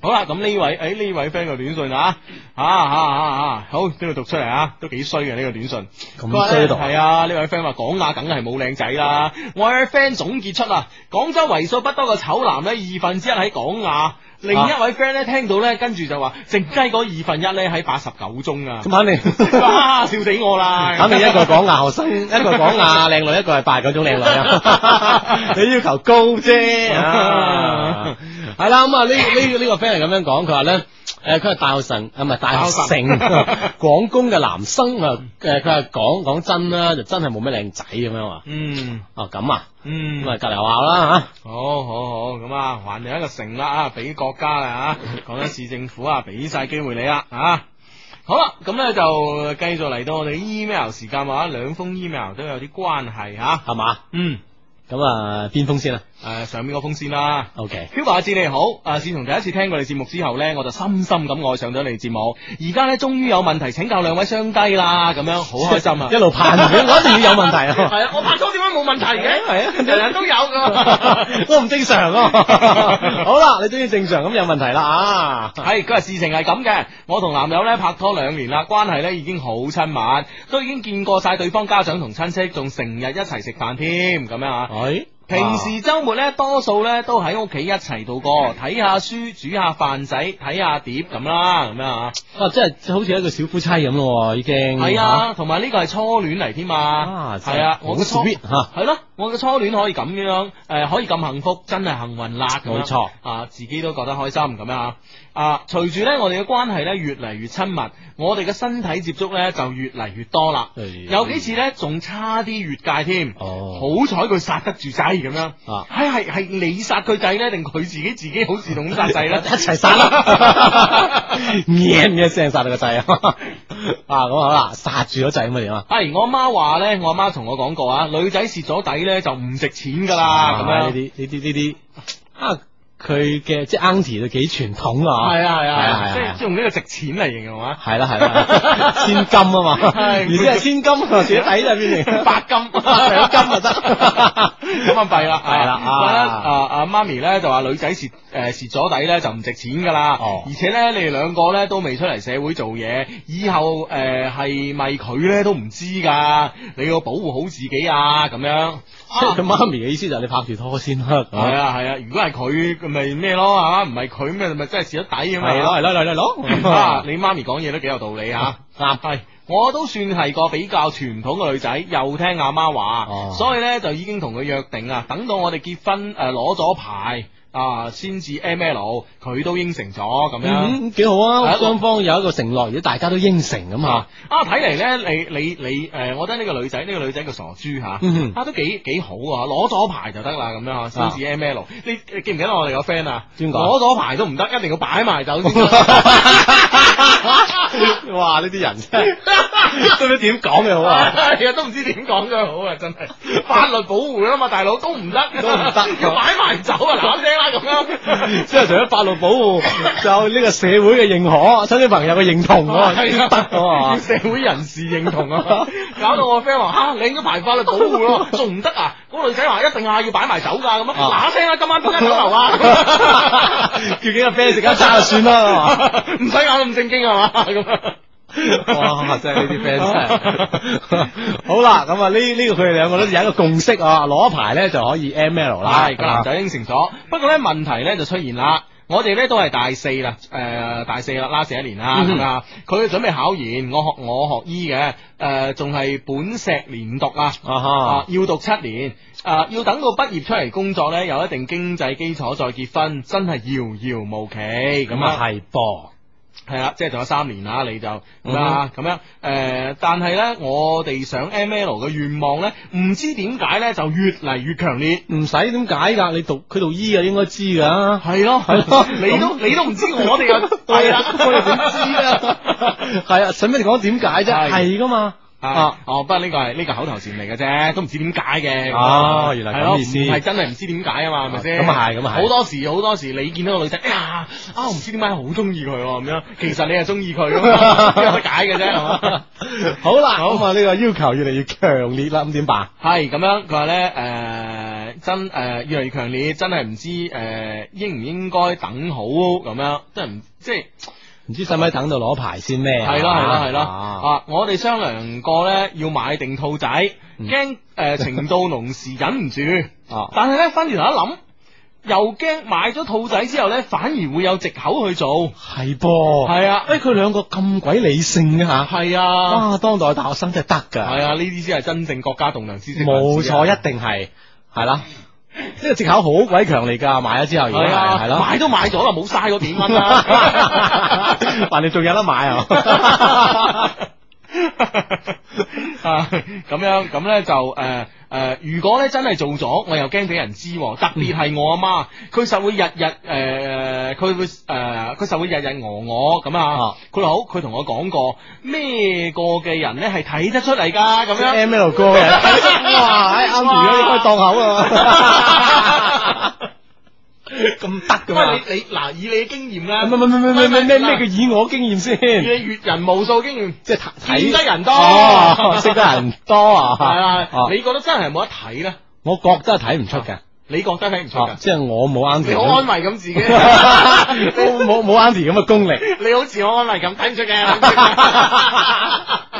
好啦，咁呢位，誒、哎、呢位 friend 嘅短信啊，吓吓吓啊，好，呢、這、度、個、讀出嚟啊，都幾衰嘅呢、這個短信，咁衰，係、哎、啊，呢位 friend 話廣雅梗係冇靚仔啦，我喺 friend 總結出啊，廣州為數不多嘅醜男咧，二分之一喺廣雅。另一位 friend 咧聽到咧，跟住就話：剩低嗰二分一咧喺八十九中啊！咁肯定，哇笑死我啦！肯定一個講亞學生，一個講亞靚女，一個係八十九中靚女啊！你要求高啫，係啦。咁啊，呢呢呢個 friend 係咁樣講，佢話咧。誒，佢係、呃大，啊、大學城，唔係大學城，廣工嘅男生啊，誒、呃，佢係講講真啦，就真係冇咩靚仔咁樣啊。嗯。哦，咁啊。嗯。咁咪隔籬學校啦吓。好好好，咁啊，還你一個城啦啊，俾國家啦啊，講緊市政府啊，俾晒機會你啦啊。好啦，咁咧就繼續嚟到我哋 email 時間話，兩、啊、封 email 都有啲關係吓，係、啊、嘛？吧嗯。咁邊、嗯啊、封先啊？誒、呃，上面個風扇啦。Okay，阿志你好。誒、呃，自從第一次聽過你節目之後呢，我就深深咁愛上咗你節目。而家呢，終於有問題請教兩位雙低啦，咁樣好開心啊！ 一路盼住， 我一定要有問題、啊。係 啊，我拍拖點解冇問題嘅？係 啊，人人都有㗎、啊， 都唔正常咯、啊。 好啦，你終於正常咁有問題啦啊！係， 今日事情係咁嘅。我同男友呢，拍拖兩年啦，關係呢已經好親密，都已經見過晒對方家長同親戚，仲成日一齊食飯添，咁樣啊？ 平時周末咧，多數咧都喺屋企一齊度過，睇下書，煮下飯仔，睇下碟咁啦，咁樣吓，啊，即係好似一個小夫妻咁咯，已經係啊，同埋呢個係初戀嚟添嘛，係啊，好 sweet 吓，係咯，我嘅初戀可以咁樣，誒，可以咁幸福，真係幸運啦，冇錯，啊，自己都覺得開心咁樣啊，啊，隨住咧我哋嘅關係咧越嚟越親密，我哋嘅身體接觸咧就越嚟越多啦，有幾次咧仲差啲越界添，哦，好彩佢殺得住晒。咁樣啊？係係係，你殺佢仔咧，定佢自己自己好自動咁殺仔咧？一齊殺啦！咩咩聲殺你個仔啊？啊咁好啦，殺住咗仔咁樣。樣哎，我阿媽話咧，我阿媽同我講過啊，女仔蝕咗底咧就唔值錢噶啦，咁樣呢啲呢啲呢啲啊。佢嘅即係 aunty 都幾傳統啊，係啊係啊，即係用呢個值錢嚟形容啊，係啦係啦，千金啊嘛，係，而且係千金，蝕底就變成百金，零金就得，咁啊弊啦，係啦，啊啊阿媽咪咧就話女仔蝕誒蝕咗底咧就唔值錢噶啦，而且咧你哋兩個咧都未出嚟社會做嘢，以後誒係咪佢咧都唔知噶，你要保護好自己啊咁樣，樣，咁媽咪嘅意思就係你拍住拖先啦，係啊係啊，如果係佢係咩咯，吓、啊，唔係佢咪咪真係蝕咗底咁嚟咯，係咯係咯，你媽咪講嘢都幾有道理吓，係、啊、 我都算係個比較傳統嘅女仔，又聽阿媽話，啊、所以咧就已經同佢約定啊，等到我哋結婚誒攞咗牌。啊！先至 M L，佢都應承咗咁樣，幾好啊！雙方有一個承諾，如果大家都應承咁吓，啊，睇嚟咧，你你你誒，我覺得呢個女仔，呢個女仔叫傻豬吓，啊，都幾幾好啊！攞咗牌就得啦，咁樣先至 M L。你記唔記得我哋個 friend 啊？攞咗牌都唔得，一定要擺埋走先。哇！呢啲人，都唔知點講嘅好啊！都唔知點講嘅好啊！真係法律保護啊嘛，大佬都唔得，都唔得，要擺埋走啊！冷咁啊！即係除咗法律保護，就呢個社會嘅認可、親戚朋友嘅認同啊，要社會人士認同啊，搞到我 friend 話吓，你都排法律保護咯，仲唔得啊？嗰女仔話一定啊，要擺埋手㗎咁啊！嗱聲啦，今晚邊間酒樓啊？叫幾個 friend 食間揸就算啦，唔使搞到咁正經係嘛？ 哇！真係呢啲 friend，好啦，咁啊呢呢，佢、這、哋、個、兩個都有一個共識啊，攞牌咧就可以 M L 啦，男仔應承咗。 不過咧問題咧就出現啦，我哋咧都係大四啦，誒、呃、大四啦 last 一年啦，佢、嗯、哼準備考研，我學我學醫嘅，誒仲係本碩連讀啊哈、呃，要讀七年，誒、呃、要等到畢業出嚟工作咧，有一定經濟基礎再結婚，真係遙遙無期。咁啊係噃。係啦，即係仲有三年啦，你就啦咁樣。誒、嗯 嗯嗯，但係咧，我哋想 ML 嘅願望咧，唔知點解咧，就越嚟越強烈。唔使點解噶，你讀佢讀醫啊，應該知噶。係咯， 你都你都唔知我哋啊，係啦， 我哋點知啊？係 啊，使乜你講點解啫？係噶嘛。 啊，哦、啊，不過呢個係呢個口頭禪嚟嘅啫，都唔知點解嘅。哦、啊，原來咁意思，係 bo i 真係唔知點解啊嘛，係咪先？咁啊係，咁啊。好多時，好多時，你見到個女仔啊、哎，啊，唔知點解好中意佢咁樣， 其實你係中意佢咁樣，點解嘅啫？好啦，好嘛，呢個要求越嚟越強烈啦，咁點辦？係咁一言樣，佢話咧，誒，真誒、呃、越嚟越強烈，真係唔知誒、嗯、應唔應該等好咁樣，真係唔即係。一言唔知使唔使等到攞牌先咩？係啦係啦係啦，啊，啊，啊！我哋商量過咧，要買定兔仔，驚誒情到濃時忍唔住，啊！但係呢，返轉頭一諗，又驚買咗兔仔之後呢，反而會有藉口去做。係噃，係啊！誒，佢兩個咁鬼理性啊。吓的，係啊！哇，當代大學生真係得噶，係啊！呢啲先係真正國家棟樑之先。冇錯，一定係，係啦。 呢個借口好鬼強嚟㗎，買咗之後而係咯，啊、買都買咗啦，冇嘥嗰幾蚊啦。但你仲有得買 啊？咁樣咁咧就誒。呃誒，如果咧真係做咗，我又驚俾人知，特別係我阿媽，佢實會日日誒，佢會誒，佢實會日日鵝我咁啊。佢話好，佢同我講過，咩個嘅人咧係睇得出嚟噶，咁樣 M L 哥哇，啱啱開檔口啦。咁得噶嘛？你你，嗱，以你嘅經驗咧，咩咩咩咩咩咩叫以我經驗先？以你閱人無數經驗，即係睇得人多，識得人多啊！係啊，你覺得真係冇得睇咧？我覺得係睇唔出嘅。你覺得睇唔出噶？即係我冇眼見，好安慰咁自己，冇冇冇眼見咁嘅功力。你好似我安慰咁睇唔出嘅，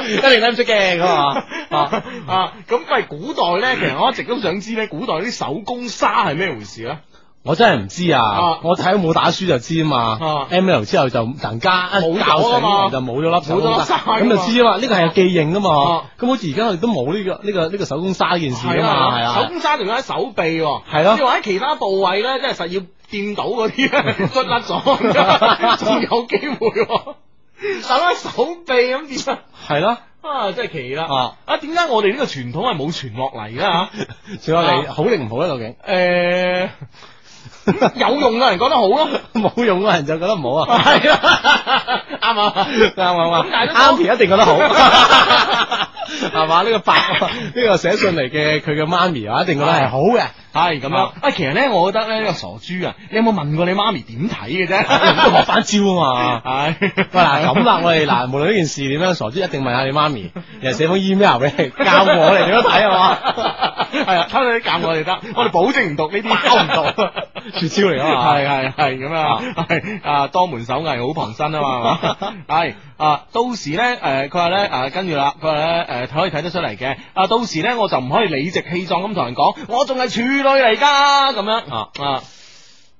一定睇唔出嘅咁啊啊！咁喂，古代咧，其實我一直都想知咧，古代啲手工砂係咩回事咧？我真係唔知啊！我睇武打書就知啊嘛。M L 之後就陳家教醒就冇咗粒砂，咁就知啊嘛。呢個係有記認噶嘛。咁好似而家我哋都冇呢個呢個呢個手工沙呢件事啊嘛。手工沙仲有喺手臂，係咯。你話喺其他部位咧，即係實要掂到嗰啲捽甩咗，仲有機會。手喺手臂咁掂，係咯。啊，真係奇啦！啊，啊，點解我哋呢個傳統係冇傳落嚟噶吓？傳落嚟好定唔好咧？究竟？誒。有用嘅人覺得好咯，冇用嘅人就覺得唔好啊，係 啊，啱啊，啱啊，媽咪一定覺得好，係 嘛？呢個白呢個寫信嚟嘅佢嘅媽咪啊，一定覺得係好嘅。係咁樣，啊，其實咧，我覺得咧，呢個傻豬啊，你有冇問過你媽咪點睇嘅啫？ 學翻招啊嘛，係喂嗱，咁啦，我哋嗱，無論呢件事點樣，傻豬一定問下你媽咪，又寫封 email 俾你，教我哋點樣睇啊嘛。係啊，睇你、 啊、教我哋得，我哋保證唔讀呢啲，唔讀絕招嚟啊嘛。係係係咁啊，係啊，多門手藝好旁身啊嘛。係啊，到時咧，誒，佢話咧，誒，跟住啦，佢話咧，誒，可以睇得出嚟嘅，啊，到時咧、呃啊呃，我就唔可以理直氣壯咁同人講，我仲係處。再嚟噶咁樣啊啊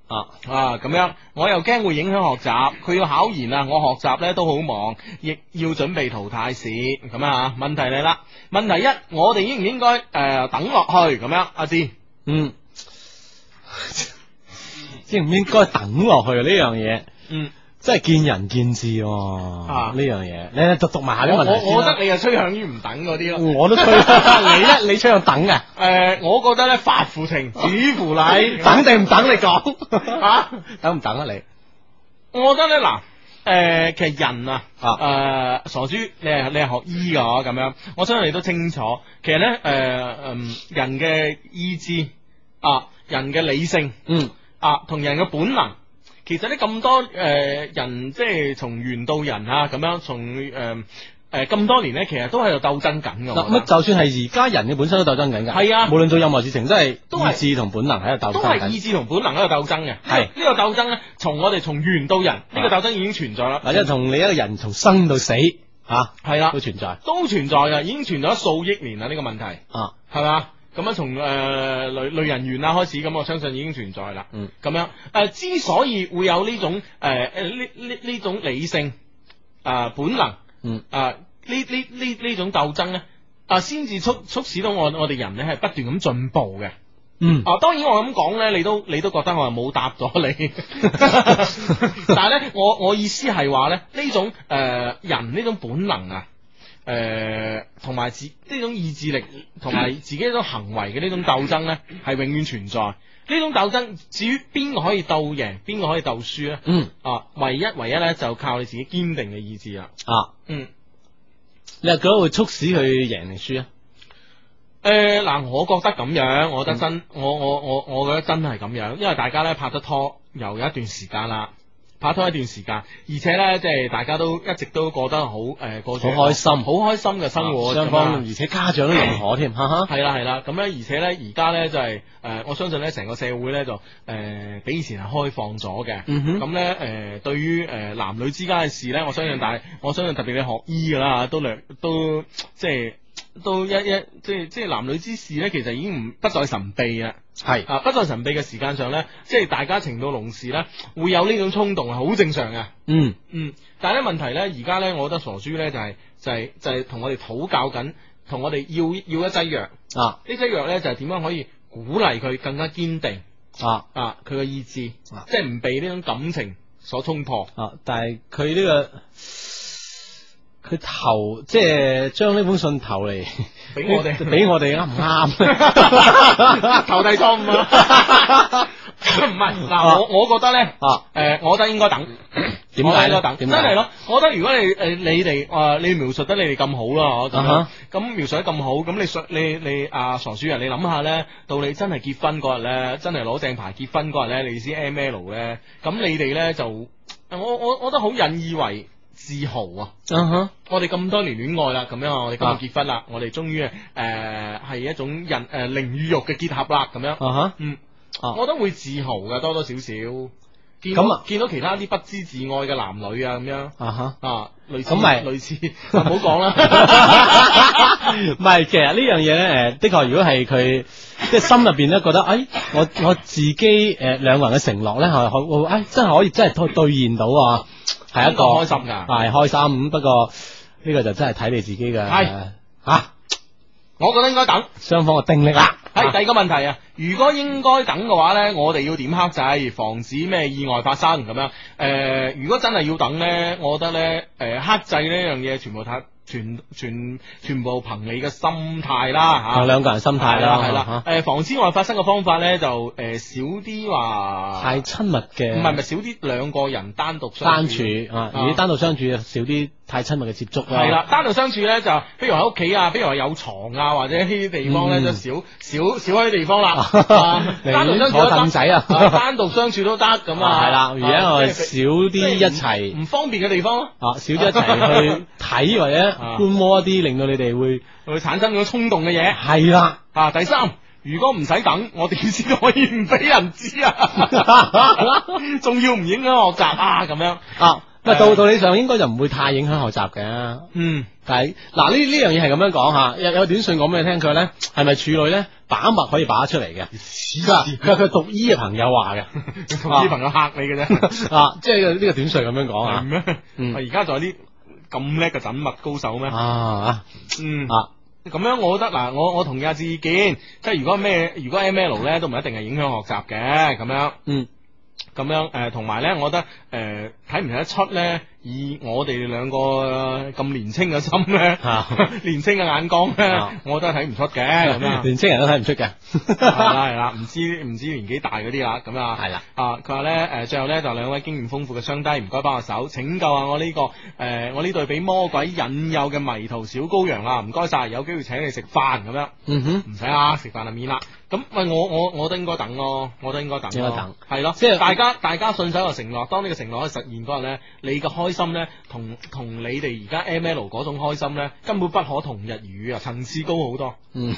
啊咁、啊、樣，我又驚會影響學習，佢要考研啊，我學習咧都好忙，亦要準備淘汰試咁樣啊。問題嚟啦，問題一，我哋應唔應該誒、呃、等落去咁樣？阿志，嗯， 應唔應該等落去呢樣嘢？嗯。真係見仁見智喎、喔，呢樣嘢你你讀讀埋下啲文章我我,我覺得你又趨向於唔等嗰啲咯。我都趨向，你咧你趨向等嘅、啊。誒、呃，我覺得咧，發乎情，止乎禮、 啊，等定唔等你講吓？等唔等啊？你？我覺得咧，嗱，誒、呃，其實人啊，誒、啊呃，傻豬，你係你係學醫噶，咁樣，我相信你都清楚。其實咧，誒、呃，嗯、呃，人嘅意志啊，人嘅理性，嗯啊，同、啊、人嘅本,本能。其實咧咁多誒、呃、人，即係從猿到人吓、啊、咁樣，從誒誒咁多年咧，其實都喺度鬥爭緊嘅。乜就算係而家人嘅本身都鬥爭緊噶。係啊，無論做任何事情，都係意志同本能喺度鬥爭。都係意志同本能喺度鬥爭嘅。係呢是個鬥爭咧，從我哋從猿到人，呢、啊、個鬥爭已經存在啦。或者從你一個人從生到死吓，係、啊、啦、啊、都存在，啊、都存在噶，已經存在咗數億年啦呢、這個問題啊，係嘛、啊？咁啊，從誒類類人猿啦開始，咁我相信已經存在啦。嗯，咁樣誒，之所以會有呢種誒誒呢呢呢種理性啊本能，嗯啊呢呢呢呢種鬥爭咧啊，先至促促使到我我哋人咧係不斷咁進步嘅。嗯啊，當然我咁講咧，你都你都覺得我係冇答咗你。但係咧，我我意思係話咧，呢種誒人呢種本能啊。誒，同埋、呃、自呢種意志力，同埋自己一種行為嘅呢種鬥爭呢係永遠存在。呢種鬥爭，至於邊個可以鬥贏，邊個可以鬥輸咧？嗯，啊，唯一唯一呢，就靠你自己堅定嘅意志啦。啊，嗯，你係覺得會促使佢贏定輸啊？誒，嗱，我覺得咁樣，我覺得真，我我我我覺得真係咁樣，因為大家呢，拍得拖又有一段時間啦。拍拖一段時間，而且呢，即係大家都一直都過得好誒，過咗好開心，好開心嘅生活，雙方樣而且家長都認可添，哈哈是，係啦係啦，咁呢，而且呢，而家呢，就係、是、誒，我相信呢，成個社會呢，就、呃、誒比以前係開放咗嘅，咁呢、嗯哼，誒、呃、對於誒男女之間嘅事呢，我相信大我相信特別你學醫噶啦，都略都即係。就是到一一即係即係男女之事咧，其實已經唔不再神秘啦。係是啊，不再神秘嘅時間上咧，即係大家情到濃時咧，會有呢種衝動係好正常嘅。嗯嗯，但係咧問題咧，而家咧，我覺得傻豬咧就係、是、就係、是、就係、是、同我哋討教緊，同我哋要要一劑藥啊！呢劑藥咧就係、是、點樣可以鼓勵佢更加堅定啊啊，佢嘅、啊、意志，啊、即係唔被呢種感情所衝破啊。但係佢呢個。佢投即係將呢本信投嚟俾我哋，俾我哋啱唔啱？投遞錯誤啊！唔係嗱，我我覺得咧，誒、啊呃，我覺得應該等，點解咯？等點真係咯？我覺得如果你誒、呃、你哋啊、呃，你描述得你哋咁好啦，咁咁、uh huh. 描述得咁好，咁你想你你，你啊傻鼠人，你諗下咧，到你真係結婚嗰日咧，真係攞正牌結婚嗰日咧，你知 M L 咧，咁你哋咧就，我我我覺得好引以為。自豪啊！嗯哼，我哋咁多年戀愛啦，咁樣我哋咁結婚啦，我哋終於誒，係一種人誒靈與肉嘅結合啦，咁樣。嗯哼，嗯，我都會自豪嘅，多多少少。咁啊，見到其他啲不知自愛嘅男女啊，咁樣。嗯哼，啊，類似，唔係，類似，唔好講啦。唔係，其實呢樣嘢咧，誒，的確，如果係佢即係心入邊咧，覺得，誒，我我自己誒，兩個人嘅承諾咧，係可，誒，真係可以，真係兌兌現到。係一個開心噶，係開心咁。不過呢、這個就真係睇你自己嘅。係吓是，啊、我覺得應該等。雙方嘅定力啦、啊。係、啊哎、第二個問題啊，如果應該等嘅話呢，我哋要點克制，防止咩意外發生咁樣？誒、呃，如果真係要等呢，我覺得呢，誒、呃，克制呢樣嘢全部睇。全全全部憑你嘅心態啦嚇，兩、嗯啊、個人心態啦，係啦、啊。誒、啊呃，防止外發生嘅方法咧，就誒少啲話太親密嘅。唔係唔係，少啲兩個人單獨相處，啊，而、啊、單獨相處、啊、少啲。太親密嘅接觸啦，係啦，單獨相處咧就，譬如喺屋企啊，譬如話有床啊，或者呢啲地方咧就少少少喺啲地方啦。單獨相處得，單獨相處都得咁啊。係啦，而家我哋少啲一齊，唔方便嘅地方咯。哦，少啲一齊去睇或者觀摩一啲，令到你哋會會產生咗衝動嘅嘢。係啦，啊，第三，如果唔使等，我點先都可以唔俾人知，啊。仲要唔影響學習啊，咁樣啊。唔係，道、嗯、道理上應該就唔會太影響學習嘅。嗯，但係嗱呢呢樣嘢係咁樣講吓，有有短信講俾你聽佢咧，係咪處女咧，把脈可以把得出嚟嘅？佢佢讀醫嘅朋友話嘅，讀醫朋友吓你嘅啫。啊，即係呢個短信咁樣講吓。係咩？而家仲有啲咁叻嘅診脈高手咩？嗯、啊，嗯啊，咁、嗯啊、樣我覺得嗱、啊，我我同意阿志意見，即係如果咩，如果 M L 咧都唔一定係影響學習嘅，咁樣嗯。咁樣誒，同埋咧，我覺得誒，睇唔睇得出咧？以我哋兩個咁年青嘅心咧，年青嘅眼光咧，我都係睇唔出嘅。咁樣，年青人都睇唔出嘅。係啦，係啦，唔知唔知年紀大嗰啲啦。咁啊，係啦。啊，佢話咧，誒，最後咧就兩位經驗豐富嘅商低，唔該幫下手拯救下我呢、這個誒，我呢對俾魔鬼引誘嘅迷途小羔羊、啊、啦。唔該晒，有機會請你食飯咁樣。嗯哼、mm，唔使啊，食飯啊免啦。咁，喂，我我我都應該等咯，我都應該等，等。應該等。係咯，即係大家大家信守個承諾，當呢個承諾可以實現嗰陣咧，你嘅開心咧，同同你哋而家 M L 嗰種開心咧，根本不可同日語啊，層次高好多。嗯，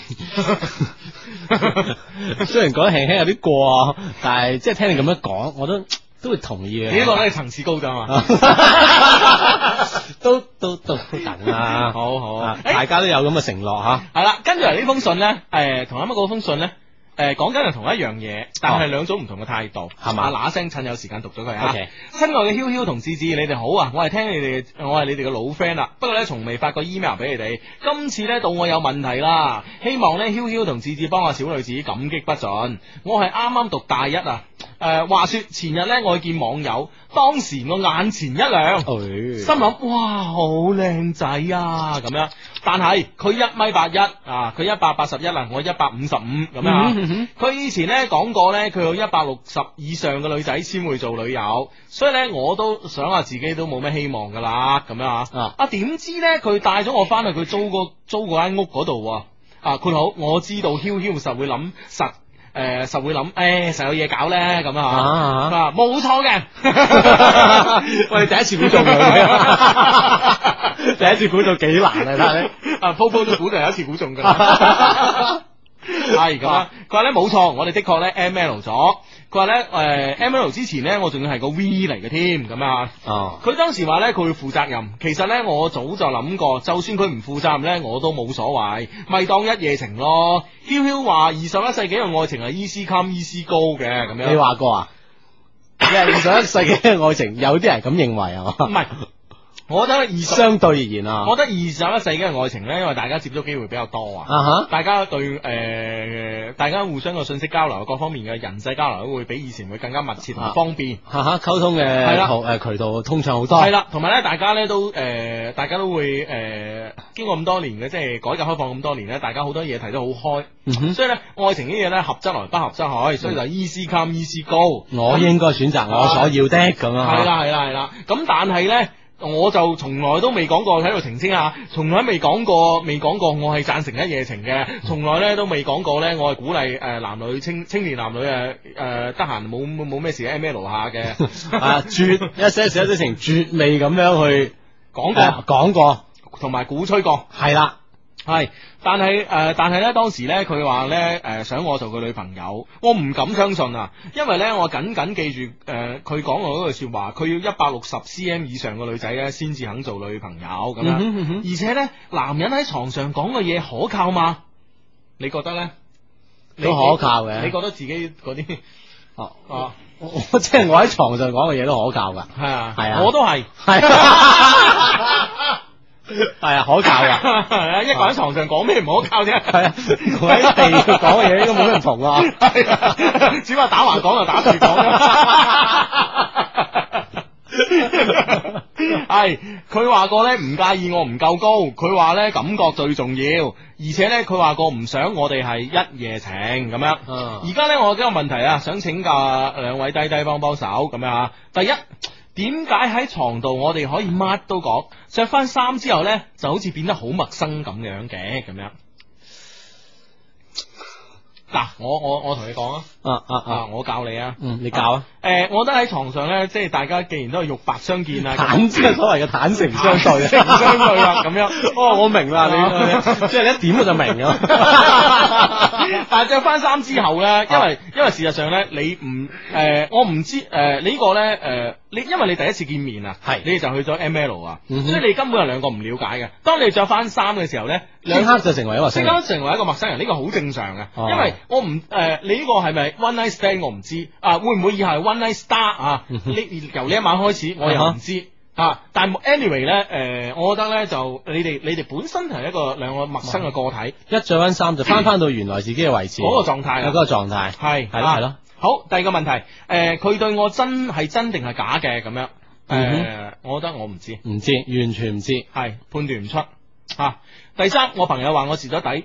雖然講輕輕有啲過啊，但係即係聽你咁樣講，我都都會同意嘅。呢個都係層次高噶嘛？ 都都都等啊！ 好好， 大家都有咁嘅承諾吓。係啦、欸 呃，跟住嚟呢封信咧，誒，同啱啱嗰封信咧。誒，講緊係同一樣嘢，但係兩種唔同嘅態度，係嘛、啊？嗱聲吧，趁有時間讀咗佢。OK，親愛嘅瀟瀟同志志，你哋好啊！我係聽你哋，我係你哋嘅老 friend 啦、啊。不過咧，從未發過 email 俾你哋。今次咧，到我有問題啦。希望咧，瀟瀟同志志幫下小女子，感激不盡。我係啱啱讀大一啊。.誒、呃，話說前日咧，我見網友，當時我眼前一亮，哎、呀心諗哇，好靚仔啊咁樣。但係佢一米八一啊，佢一百八十一啊，我一百五十五咁樣。佢、嗯嗯嗯嗯、以前咧講過咧，佢有一百六十以上嘅女仔先會做女友，所以咧我都想下、啊、自己都冇咩希望噶啦咁樣啊，啊。啊，點知咧佢帶咗我翻去佢租個租間屋嗰度啊。佢好，我知道，囂囂實會諗實。誒實、呃、會諗，誒、哎、實有嘢搞咧咁啊！冇錯嘅，我哋第一次估中嘅，第一次估到幾難啊！睇下你啊，鋪鋪都估到，第一次估中嘅。 係咁 啊！佢話咧冇錯，我哋的確咧 ml 咗。佢話咧誒，ml 之前咧我仲要係個 v 嚟嘅添咁樣啊。哦，佢當時話咧佢會負責任。其實咧我早就諗過，就算佢唔負責任咧我都冇所謂，咪當一夜情咯。Q Q 話二十一世紀嘅愛情係 easy come easy go 嘅咁樣。你話過啊？你係二十一世紀嘅愛情， 有啲人咁認為啊嘛。唔係。 我覺得而相對而言啊，我覺得二十一世嘅愛情咧，因為大家接觸機會比較多啊，大家對誒，大家互相嘅信息交流各方面嘅人際交流都會比以前會更加密切同方便。吓溝通嘅渠道渠道通暢好多。係啦，同埋咧，大家咧都誒，大家都會誒，經過咁多年嘅即係改革開放咁多年咧，大家好多嘢睇得好開，所以咧，愛情呢嘢咧，合則來，不合則去，所以就易是坎，易是高。我應該選擇我所要的咁樣。係啦，係啦，係啦。咁但係咧。我就從來都未講過喺度澄清啊，從來未講過，未講過我係贊成一夜情嘅，從來咧都未講過咧，我係鼓勵誒男女青青年男女誒誒得閒冇冇咩事 M L 下嘅 啊絕一啲事一啲情絕未咁樣去講過講過，同埋、 啊、鼓吹過係啦。 係，但係誒，但係咧，當時咧，佢話咧，誒，想我做佢女朋友，我唔敢相信啊，因為咧，我僅僅記住誒，佢講我嗰句說話，佢要一百六十 cm 以上嘅女仔咧，先至肯做女朋友咁樣，而且咧，男人喺床上講嘅嘢可靠嘛？你覺得咧？你可靠嘅，你覺得自己嗰啲？哦哦，即係我喺床上講嘅嘢都可靠噶？係啊係啊，我都係。係啊，可教噶， 一個人喺床上講咩唔可靠啫？係啊，坐喺 地講嘢應該冇咩唔同啊。 只不過打橫講就打豎講。係，佢 話過咧，唔介意我唔夠高，佢話咧感覺最重要，而且咧佢話過唔想我哋係一夜情咁樣。嗯，而家咧我有一個問題啊，想請教兩位低低幫幫手咁樣啊。第一。點解喺床度我哋可以乜都講，着翻衫之後呢，就好似變得好陌生咁樣嘅，咁樣嗱、啊，我我我同你講啊。啊啊啊！我教你啊，嗯，你教啊。誒，我覺得喺床上咧，即係大家既然都係肉帛相見啊，所謂嘅坦誠相對啊，咁樣。哦，我明啦，你即係你一點我就明嘅。但係着翻衫之後咧，因為因為事實上咧，你唔誒，我唔知誒，你呢個咧誒，你因為你第一次見面啊，係，你哋就去咗 M L 啊，所以你根本係兩個唔了解嘅。當你着翻衫嘅時候咧，即刻就成為一個，即刻成為一個陌生人，呢個好正常嘅。因為我唔誒，你呢個係咪？One night stand 我唔知啊，會唔會以後係 one night star 啊？呢 由呢一晚開始我又唔知啊。但 anyway 咧，誒、呃，我覺得咧就你哋你哋本身係一個兩個陌生嘅個體，一着翻衫就翻翻到原來自己嘅位置，嗰、嗯、個狀態、啊，嗰個狀態係係咯。好，第二個問題，誒、呃，佢對我真係真定係假嘅咁樣？誒、嗯哼呃，我覺得我唔知，唔知，完全唔知，係是判斷唔出。吓、啊，第三，我朋友話我蝕咗底。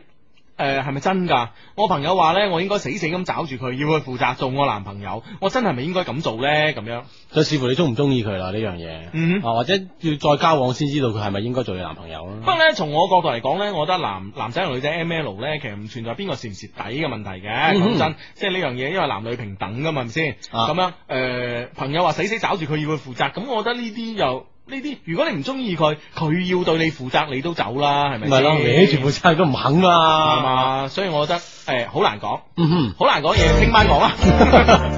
誒，係咪、呃、真噶？我朋友話呢，我應該死死咁找住佢，要佢負責做我男朋友。我真係咪應該咁做呢？咁樣就視乎你中唔中意佢啦呢樣嘢。嗯哼，啊，或者要再交往先知道佢係咪應該做你男朋友啦。不過呢，從我角度嚟講呢，我覺得男男仔同女仔 M L 呢，其實唔存在邊個蝕唔蝕底嘅問題嘅。講真、嗯哼，即係呢樣嘢，因為男女平等噶嘛，係咪先？咁、啊、樣誒、呃，朋友話死死找住佢要佢負責，咁我覺得呢啲又。呢啲如果你唔中意佢，佢要對你負責，你都走啦，係咪先？係咯，你全部晒都唔肯啦，係嘛？所以我覺得誒，好難講，嗯 哼，好難講嘢，聽晚講啦。